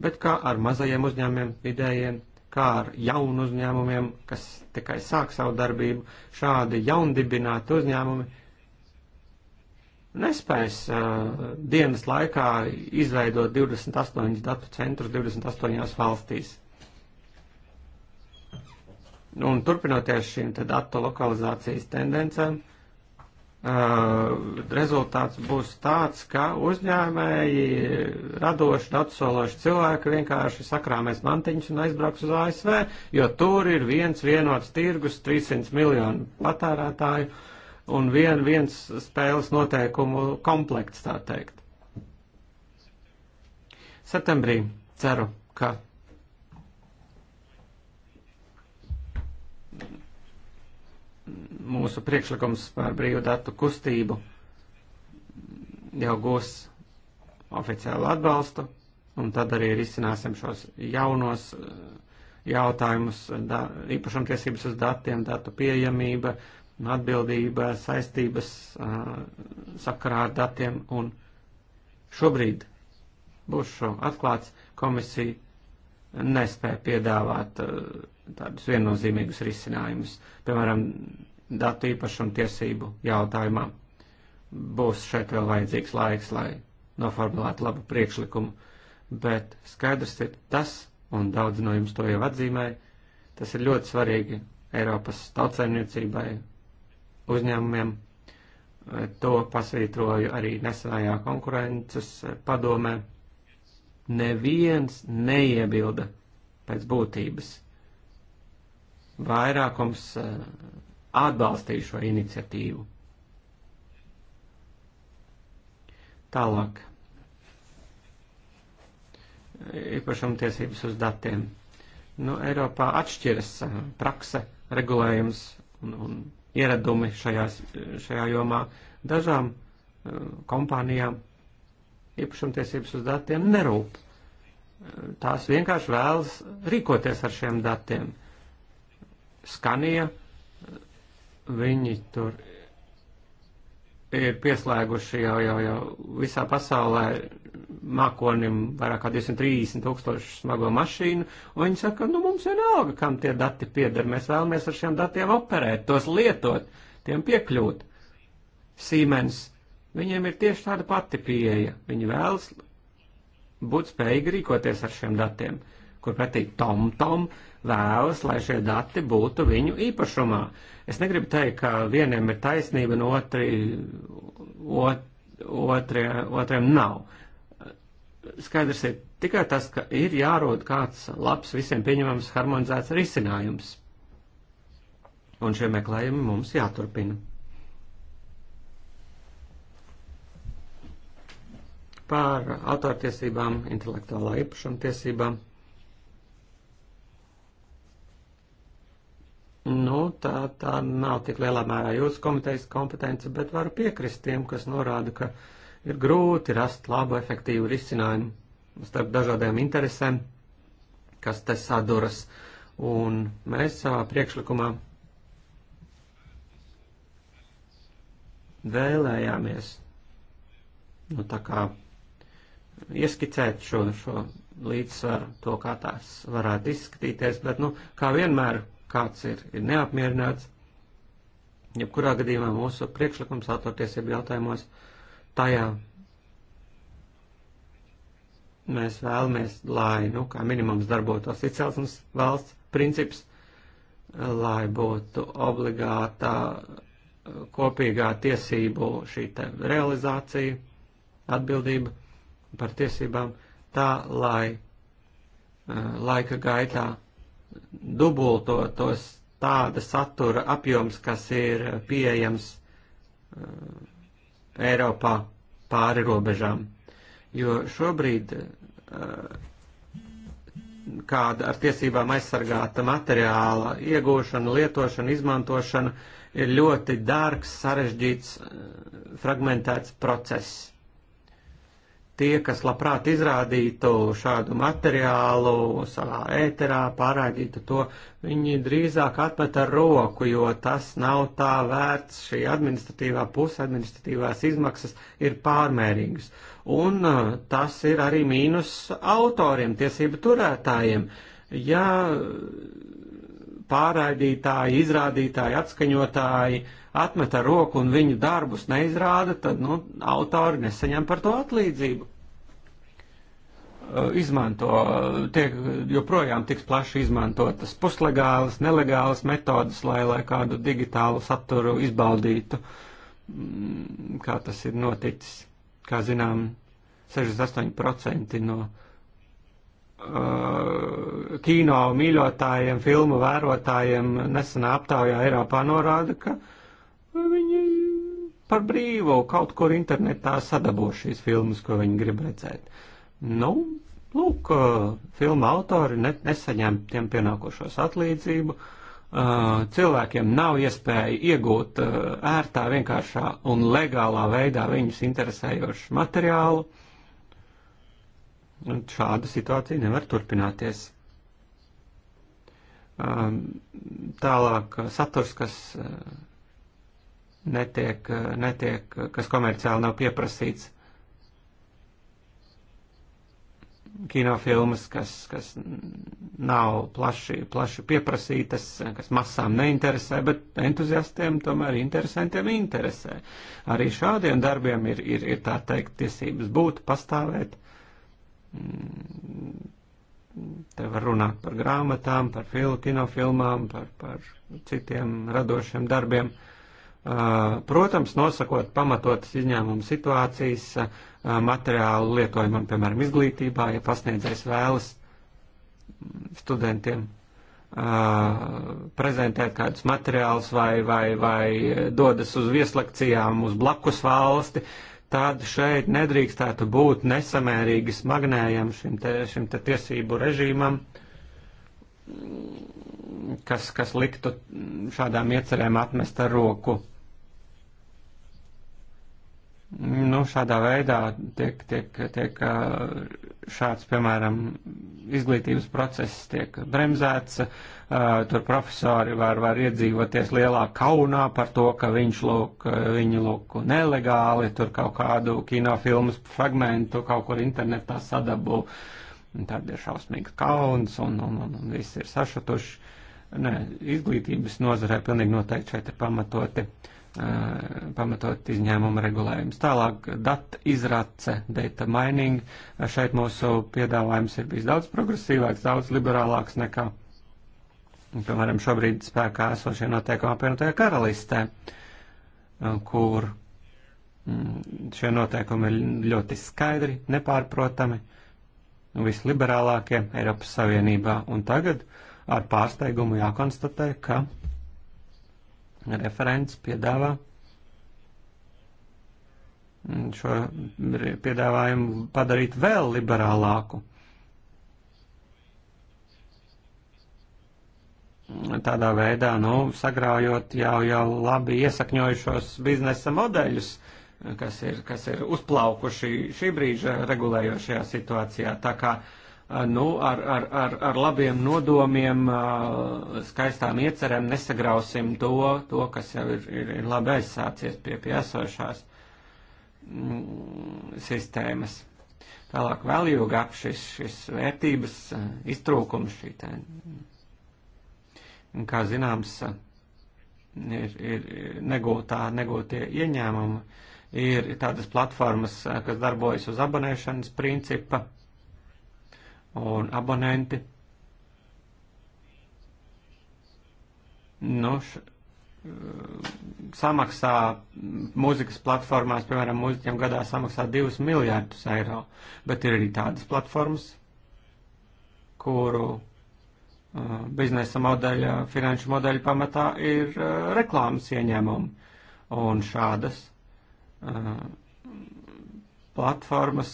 bet kā ar mazajiem uzņēmumiem, vidējiem, kā ar jaunu uzņēmumiem, kas tikai sāk savu darbību, šādi jaundibināti uzņēmumi nespēs uh, dienas laikā izveidot 28 datu centrus 28 valstīs. Un turpinoties šīm datu lokalizācijas tendencēm, uh, Uh, rezultāts būs tāds, ka uzņēmēji, radoši, daudzsološi cilvēki vienkārši sakrāmēs mantiņus un aizbrauks uz ASV, jo tur ir viens vienots tirgus, 300 miljonu patērētāju un vien, viens spēles noteikumu komplekts, tā teikt. Septembrī ceru, ka mūsu priekšlikums par brīvu datu kustību jau gūs oficiālu atbalstu, un tad arī risināsim šos jaunos eh, jautājumus da, īpašumtiesības uz datiem, datu pieejamība, atbildība, saistības eh, sakarā ar datiem, un šobrīd būs šo atklāts komisija nespēja piedāvāt uh, tādus viennozīmīgus risinājumus, piemēram, datu īpašumu tiesību jautājumā. Būs šeit vēl vajadzīgs laiks, lai noformulētu labu priekšlikumu, bet skaidrs ir tas, un daudz no jums to jau atzīmēja, tas ir ļoti svarīgi Eiropas tautsaimniecībai, uzņēmumiem. To pasvītroju arī nesenajā konkurences padomē. Neviens neiebilda pēc būtības vairākums eh, atbalstīja šo iniciatīvu. Tālāk. Īpašumtiesības uz datiem. Nu, Eiropā atšķiras eh, prakse, regulējums un, un ieradumi šajās, šajā jomā. Dažām eh, kompānijām īpašumtiesības uz datiem nerūp. Tās vienkārši vēlas rīkoties ar šiem datiem Skanija, viņi tur ir pieslēguši jau, jau, jau visā pasaulē mākonim vairāk kā 230 tūkstošu smago mašīnu, un viņi saka, nu mums vienalga, kam tie dati pieder, mēs vēlamies ar šiem datiem operēt, tos lietot, tiem piekļūt. Siemens, viņiem ir tieši tāda pati pieeja, viņi vēlas būt spējīgi rīkoties ar šiem datiem, kur pretī TomTom. -tom, vēlas, lai šie dati būtu viņu īpašumā. Es negribu teikt, ka vieniem ir taisnība un otri, ot, otrie, otriem nav. Skaidrs ir tikai tas, ka ir jārod kāds labs, visiem pieņemams, harmonizēts risinājums. Un šie meklējumi mums jāturpina. Par autortiesībām, intelektuālā īpašuma tiesībām. Nu, tā, tā nav tik lielā mērā jūsu komitejas kompetence, bet varu piekrist tiem, kas norāda, ka ir grūti rast labu, efektīvu risinājumu starp dažādiem interesēm, kas te saduras. Un mēs savā priekšlikumā vēlējāmies, nu, tā kā ieskicēt šo, šo līdzsvaru, to, kā tās varētu izskatīties, bet, nu, kā vienmēr kāds ir, ir neapmierināts. Jebkurā gadījumā mūsu priekšlikums autortiesību jautājumos tajā mēs vēlamies, lai, nu, kā minimums darbotos izcelsmes valsts princips, lai būtu obligātā kopīgā tiesību šī te realizācija, atbildība par tiesībām, tā, lai eh, laika gaitā dubultotos tāda satura apjoms, kas ir pieejams uh, Eiropā pāri robežām. Jo šobrīd uh, kāda ar tiesībām aizsargāta materiāla iegūšana, lietošana, izmantošana ir ļoti dārgs, sarežģīts, uh, fragmentēts process tie, kas labprāt izrādītu šādu materiālu savā ēterā, pārādītu to, viņi drīzāk atmet ar roku, jo tas nav tā vērts, šī administratīvā puse, administratīvās izmaksas ir pārmērīgas. Un uh, tas ir arī mīnus autoriem, tiesību turētājiem. Ja pārraidītāji, izrādītāji, atskaņotāji atmeta roku un viņu darbus neizrāda, tad nu, autori nesaņem par to atlīdzību. Eh, izmanto, tiek joprojām tik plaši izmantotas puslegālas, nelegālas metodas, lai, lai kādu digitālu saturu izbaudītu, mm, kā tas ir noticis. Kā zinām, 68% no uh, kino mīļotājiem, filmu vērotājiem nesenā aptaujā Eiropā norāda, ka viņi par brīvu kaut kur internetā sadabo šīs filmas, ko viņi grib redzēt. Nu, Lūk, filma autori ne, nesaņem tiem pienākošos atlīdzību. Cilvēkiem nav iespēja iegūt ērtā, vienkāršā un legālā veidā viņus interesējošu materiālu. Un šāda situācija nevar turpināties. Tālāk saturs, kas netiek, netiek kas komerciāli nav pieprasīts kinofilmas, kas, kas nav plaši, plaši pieprasītas, kas masām neinteresē, bet entuziastiem tomēr interesantiem interesē. Arī šādiem darbiem ir, ir, ir tā teikt, tiesības būt, pastāvēt. Mm, te var runāt par grāmatām, par fil, kinofilmām, par, par citiem radošiem darbiem. Uh, Protams, nosakot pamatotas izņēmuma situācijas materiālu lietojumam, piemēram, izglītībā, ja pasniedzējs vēlas studentiem prezentēt kādus materiālus vai, vai, vai dodas uz vieslekcijām uz blakus valsti, tad šeit nedrīkstētu būt nesamērīgi smagnējam šim te, šim te tiesību režīmam, kas, kas liktu šādām iecerēm atmest ar roku. Nu, šādā veidā tiek, tiek, tiek šāds, piemēram, izglītības process tiek bremzēts, tur profesori var, var iedzīvoties lielā kaunā par to, ka viņš lūk, viņi lūk nelegāli, tur kaut kādu kinofilmas fragmentu kaut kur internetā sadabū, tad ir šausmīgs kauns un, un, un, un viss ir sašutuši. Nē, izglītības nozarē pilnīgi noteikti šeit ir pamatoti. Uh, pamatot izņēmuma regulējums. Tālāk data izrace, data mining. Šeit mūsu piedāvājums ir bijis daudz progresīvāks, daudz liberālāks nekā, piemēram, šobrīd spēkā esošie noteikumi apvienotajā karalistē, kur mm, šie noteikumi ir ļoti skaidri, nepārprotami, visliberālākie Eiropas Savienībā. Un tagad ar pārsteigumu jākonstatē, ka Referents piedāvā šo piedāvājumu padarīt vēl liberālāku. Tādā veidā, nu, sagrājot jau, jau labi iesakņojušos biznesa modeļus, kas ir, kas ir uzplaukuši šī brīža regulējošajā situācijā. Tā kā uh, nu, ar, ar, ar, ar labiem nodomiem, skaistām iecerēm nesagrausim to, to kas jau ir, ir, ir labi aizsācies pie, pie esošās mm, sistēmas. Tālāk value gap, šis, šis vērtības iztrūkums šī te. Kā zināms, ir, ir negūtā, negūtie ieņēmumi, ir tādas platformas, kas darbojas uz abonēšanas principa un abonenti. Nu, š, samaksā mūzikas platformās, piemēram, mūziķiem gadā samaksā 2 miljārdus eiro, bet ir arī tādas platformas, kuru uh, biznesa modeļa, finanšu modeļa pamatā ir uh, reklāmas ieņēmumi. Un šādas uh, platformas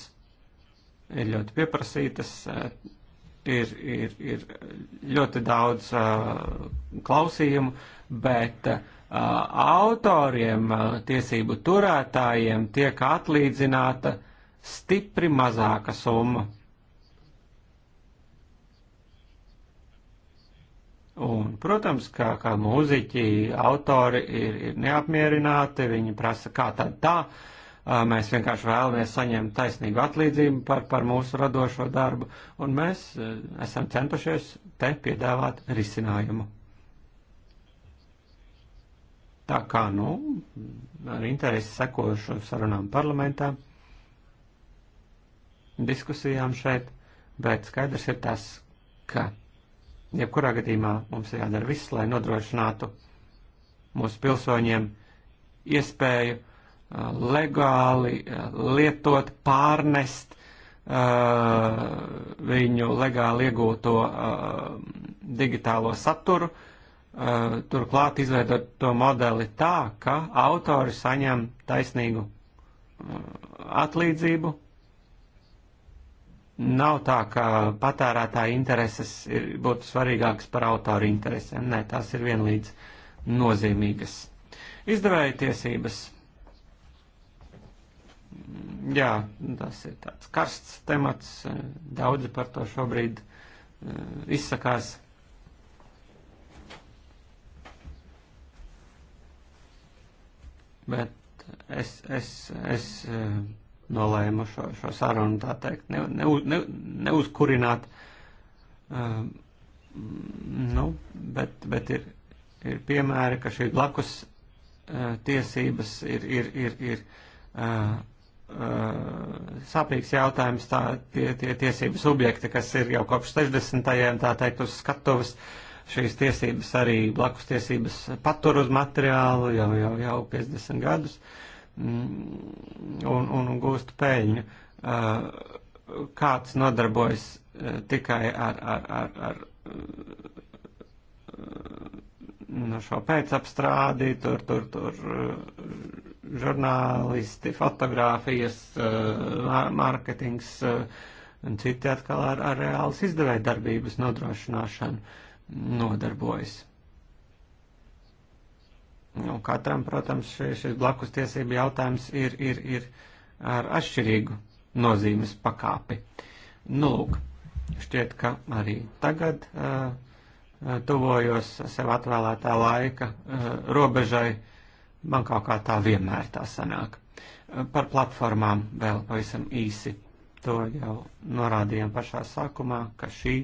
ir ļoti pieprasītas, eh, ir, ir, ir ļoti daudz eh, klausījumu, bet eh, autoriem, tiesību turētājiem tiek atlīdzināta stipri mazāka summa. Un, protams, kā, kā mūziķi, autori ir, ir neapmierināti, viņi prasa, kā tad tā, tā Mēs vienkārši vēlamies saņemt taisnīgu atlīdzību par, par mūsu radošo darbu, un mēs esam centušies te piedāvāt risinājumu. Tā kā, nu, ar interesi sekojušu sarunām parlamentā, diskusijām šeit, bet skaidrs ir tas, ka jebkurā gadījumā mums ir jādara viss, lai nodrošinātu mūsu pilsoņiem iespēju Uh, legāli uh, lietot, pārnest uh, viņu legāli iegūto digitālo saturu, turklāt izveidot to modeli tā, ka autori saņem taisnīgu atlīdzību. Nav tā, ka patērētāja intereses ir, būtu svarīgākas par autoru interesēm. Nē, tās ir vienlīdz nozīmīgas. Izdevēja tiesības Jā, tas ir tāds karsts temats. Daudzi par to šobrīd eh, izsakās. Bet es, es, es eh, nolēmu šo, šo sarunu tā teikt ne, ne, ne, neuzkurināt. Um, nu, bet, bet ir, ir piemēri, ka šī blakus uh, tiesības ir, ir, ir, ir uh, Eh, sāpīgs jautājums. Tā, tie, tie tiesību subjekti, kas ir jau kopš 60. tā teikt uz skatuves, šīs tiesības arī blakus tiesības patur uz materiālu jau, jau, jau 50 gadus mm, un, un gūst peļņu. Eh, kāds nodarbojas eh, tikai ar, ar, ar, ar nu, šo pēcapstrādi, tur, tur, tur eh, žurnālisti, fotografijas, eh, mārketings eh, un citi atkal ar, ar reāls izdevēja darbības nodrošināšanu nodarbojas. Nu, katram, protams, šis, šis blakus tiesību jautājums ir, ir, ir ar atšķirīgu nozīmes pakāpi. Nu, lūk, šķiet, ka arī tagad uh, Eh, tuvojos sev atvēlētā laika eh, robežai, man kaut kā tā vienmēr tā sanāk. Eh, par platformām vēl pavisam īsi. To jau norādījām pašā sākumā, ka šī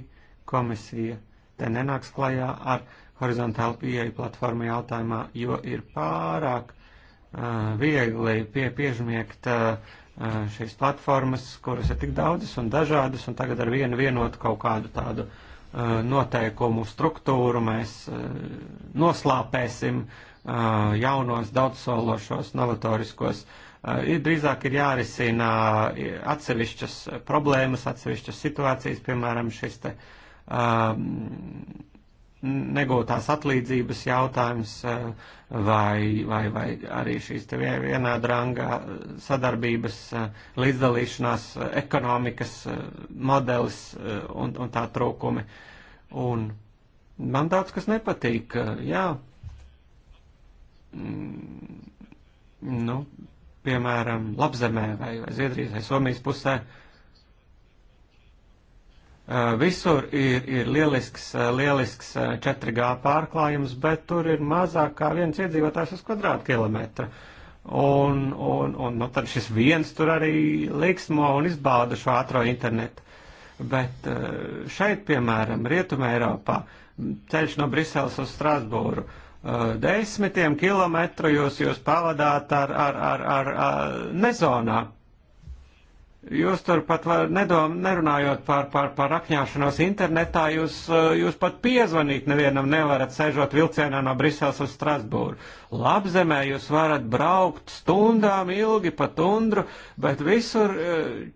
komisija te nenāks klajā ar horizontālu pieeju platformu jautājumā, jo ir pārāk uh, viegli pie, piežmiegt uh, šīs platformas, kuras ir tik daudzas un dažādas, un tagad ar vienu vienotu kaut kādu tādu uh, Eh, noteikumu struktūru mēs eh, noslāpēsim eh, jaunos, daudzsološos, novatoriskos. Ir drīzāk ir jārisina atsevišķas problēmas, atsevišķas situācijas, piemēram, šis te negūtās atlīdzības jautājums eh, vai, vai, vai arī šīs te vienā drangā eh, sadarbības eh, līdzdalīšanās ekonomikas modelis un, un tā trūkumi. Un man daudz kas nepatīk, jā. Mm, nu, piemēram, Labzemē vai, vai Zviedrijas vai Somijas pusē. Uh, Visur ir, ir lielisks, lielisks 4G pārklājums, bet tur ir mazāk kā viens iedzīvotājs uz kvadrātkilometru. Un, un, un nu, tad šis viens tur arī liksmo un izbauda šo ātrā internetu. Bet šeit, piemēram, Rietumē Eiropā, ceļš no Briseles uz Strasbūru, desmitiem kilometru jūs, jūs pavadāt ar, ar, ar, ar, ar nezonā Jūs tur pat nedom, nerunājot par, par, par akņāšanos internetā, jūs, eh, jūs pat piezvanīt nevienam nevarat sežot vilcienā no Briseles uz Strasbūru. Labzemē jūs varat braukt stundām ilgi pa tundru, bet visur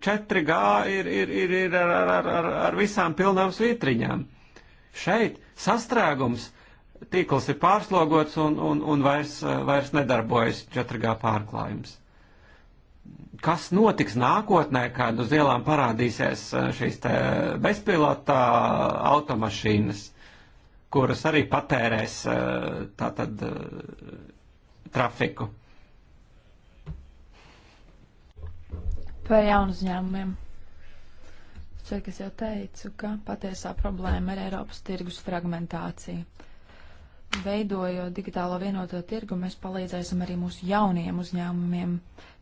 4G eh, ir, ir, ir, ir ar, ar, ar, ar visām pilnām svītriņām. Šeit sastrēgums, tīkls ir pārslogots un, un, un vairs, eh, vairs nedarbojas 4G pārklājums kas notiks nākotnē, kad uz ielām parādīsies eh, šīs bezpilota eh, automašīnas, kuras arī patērēs eh, tātad trafiku. Par jaunu uzņēmumiem. Šeit es jau teicu, ka patiesā problēma ir Eiropas tirgus fragmentācija. Veidojot digitālo vienoto tirgu, mēs palīdzēsim arī mūsu jauniem uzņēmumiem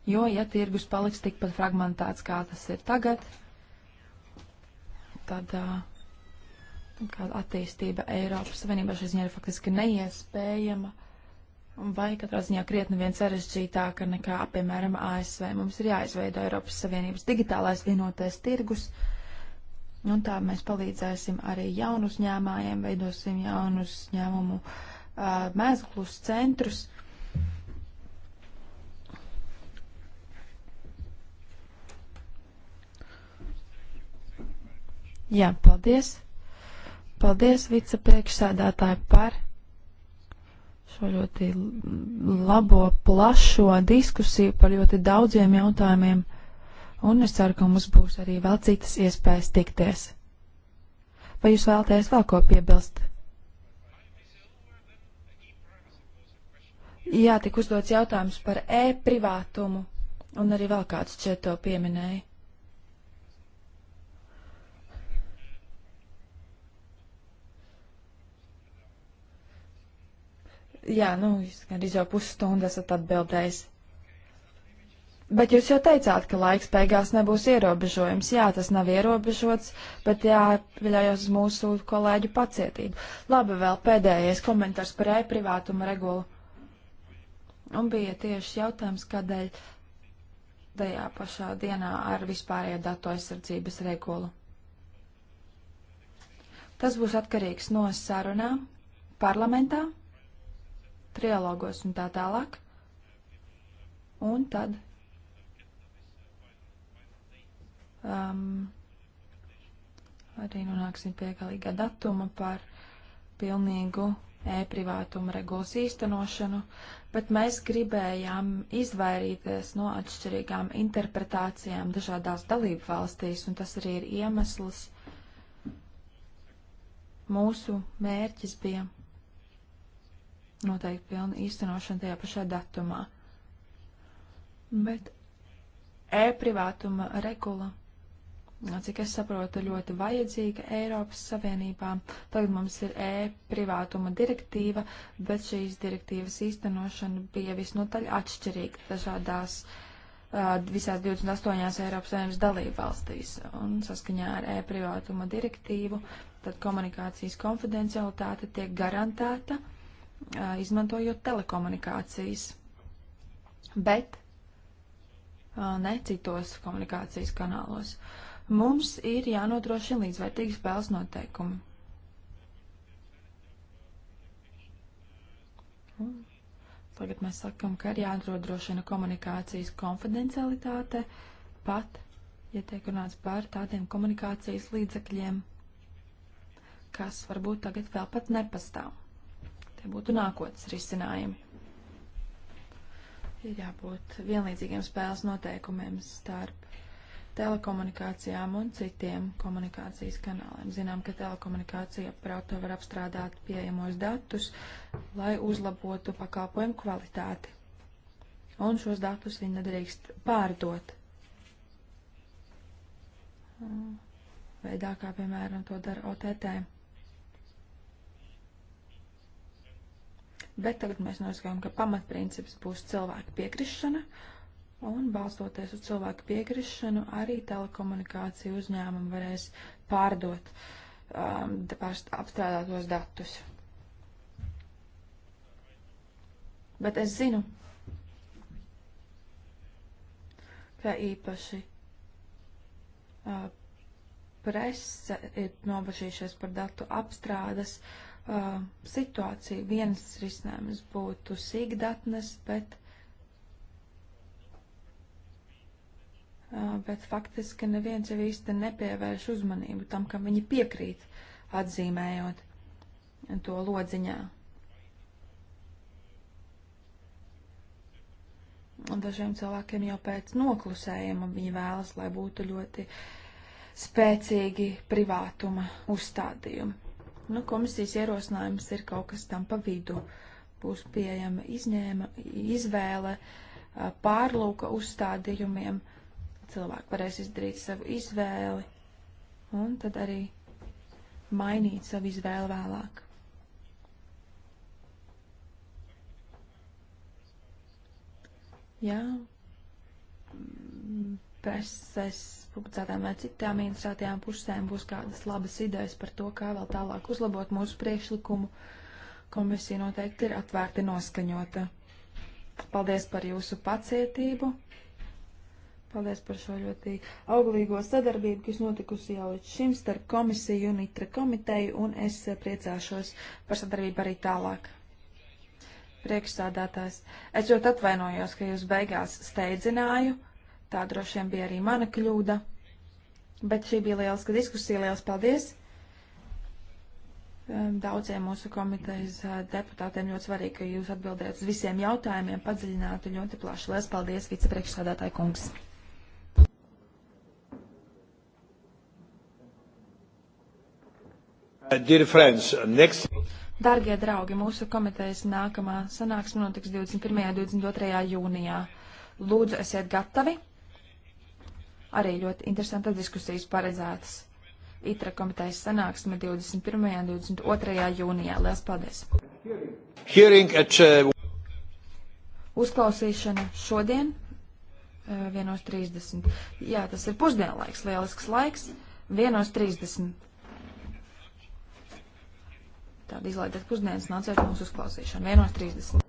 jo, ja tirgus paliks tikpat fragmentēts, kā tas ir tagad, tad kāda attīstība Eiropas Savienībā šai ziņā ir faktiski neiespējama vai katrā ziņā krietni vien sarežģītāka nekā, piemēram, ASV. Mums ir jāizveido Eiropas Savienības digitālais vienotais tirgus, un nu, tā mēs palīdzēsim arī jaunu uzņēmājiem, veidosim jaunus ņēmumu uh, mēzglus centrus, Jā, paldies. Paldies vicepriekšsēdētāji par šo ļoti labo, plašo diskusiju par ļoti daudziem jautājumiem, un es ceru, ka mums būs arī vēl citas iespējas tikties. Vai jūs vēlaties vēl ko piebilst? Jā, tik uzdots jautājums par e-privātumu, un arī vēl kāds šeit to pieminēja. Jā, nu, jūs gandrīz jau pusstundu esat atbildējis. Bet jūs jau teicāt, ka laiks beigās nebūs ierobežojums. Jā, tas nav ierobežots, bet jāpaļaujas uz mūsu kolēģu pacietību. Labi, vēl pēdējais komentārs par e-privātuma regulu. Un bija tieši jautājums, kādēļ tajā pašā dienā ar vispārējo datu aizsardzības regulu. Tas būs atkarīgs no sarunām parlamentā trialogos un tā tālāk. Un tad um, arī nonāksim pie galīgā datuma par pilnīgu e-privātuma regulas īstenošanu, bet mēs gribējām izvairīties no atšķirīgām interpretācijām dažādās dalību valstīs, un tas arī ir iemesls. Mūsu mērķis bija noteikti pilna īstenošana tajā pašā datumā. Bet e-privātuma regula, cik es saprotu, ļoti vajadzīga Eiropas Savienībā. Tagad mums ir e-privātuma direktīva, bet šīs direktīvas īstenošana bija visnotaļ atšķirīga dažādās visās 28 Eiropas Savienības dalībvalstīs un saskaņā ar e-privātuma direktīvu, tad komunikācijas konfidencialitāte tiek garantēta. Uh, izmantojot telekomunikācijas, bet ne citos komunikācijas kanālos. Mums ir jānodrošina līdzvērtīgi spēles noteikumi. Tagad mēs sakam, ka ir jānodrošina komunikācijas konfidencialitāte, pat, ja tiek runāts par tādiem komunikācijas līdzekļiem, kas varbūt tagad vēl pat nepastāv. Tie būtu nākotnes risinājumi. Ir jābūt vienlīdzīgiem spēles noteikumiem starp telekomunikācijām un citiem komunikācijas kanāliem. Zinām, ka telekomunikācija par auto var apstrādāt pieejamos datus, lai uzlabotu pakalpojumu kvalitāti. Un šos datus viņi nedrīkst pārdot. Veidā, kā piemēram to dara OTT. bet tagad mēs nosakām, ka pamatprincips būs cilvēka piekrišana, un balstoties uz cilvēku piekrišanu, arī telekomunikāciju uzņēmumu varēs pārdot um, apstrādātos datus. Bet es zinu, ka īpaši uh, presse ir nobažījušies par datu apstrādes uh, uh, situāciju. Viens risinājums būtu sīkdatnes, bet, uh, bet faktiski neviens jau īsti nepievērš uzmanību tam, kam viņi piekrīt, atzīmējot to lodziņā. Un dažiem cilvēkiem jau pēc noklusējuma viņi vēlas, lai būtu ļoti spēcīgi privātuma uzstādījumi. Nu, komisijas ierosinājums ir kaut kas tam pa vidu. Būs pieejama izņēma, izvēle pārlūka uzstādījumiem. Cilvēki varēs izdarīt savu izvēli un tad arī mainīt savu izvēli vēlāk. Jā, preses publicētām vai citām interesētajām pusēm būs kādas labas idejas par to, kā vēl tālāk uzlabot mūsu priekšlikumu. Komisija noteikti ir atvērti noskaņota. Paldies par jūsu pacietību. Paldies par šo ļoti auglīgo sadarbību, kas notikusi jau līdz šim starp komisiju un itra komiteju, un es priecāšos par sadarbību arī tālāk. Priekšsādātājs, es ļoti atvainojos, ka jūs beigās steidzināju Tā droši vien bija arī mana kļūda. Bet šī bija lieliska diskusija. Lielas paldies! Ehm, daudziem mūsu komitejas eh, deputātiem ļoti svarīgi, ka jūs atbildējat uz visiem jautājumiem padziļināti ļoti plaši. Lielas paldies, vicepriekšsādātāja kungs! Uh, uh, Dargie draugi, mūsu komitejas nākamā sanāksme notiks 21. un 22. jūnijā. Lūdzu, esiet gatavi! Arī ļoti interesantas diskusijas paredzētas. ITRA komitejas sanāksme 21. un 22. jūnijā. Lielas paldies! Hearing at, uh... Uzklausīšana šodien 1.30. Uh, Jā, tas ir pusdienlaiks, lielisks laiks. 1.30. Tāda izlaidiet pusdienas, nāciet mums uzklausīšanu. 1.30.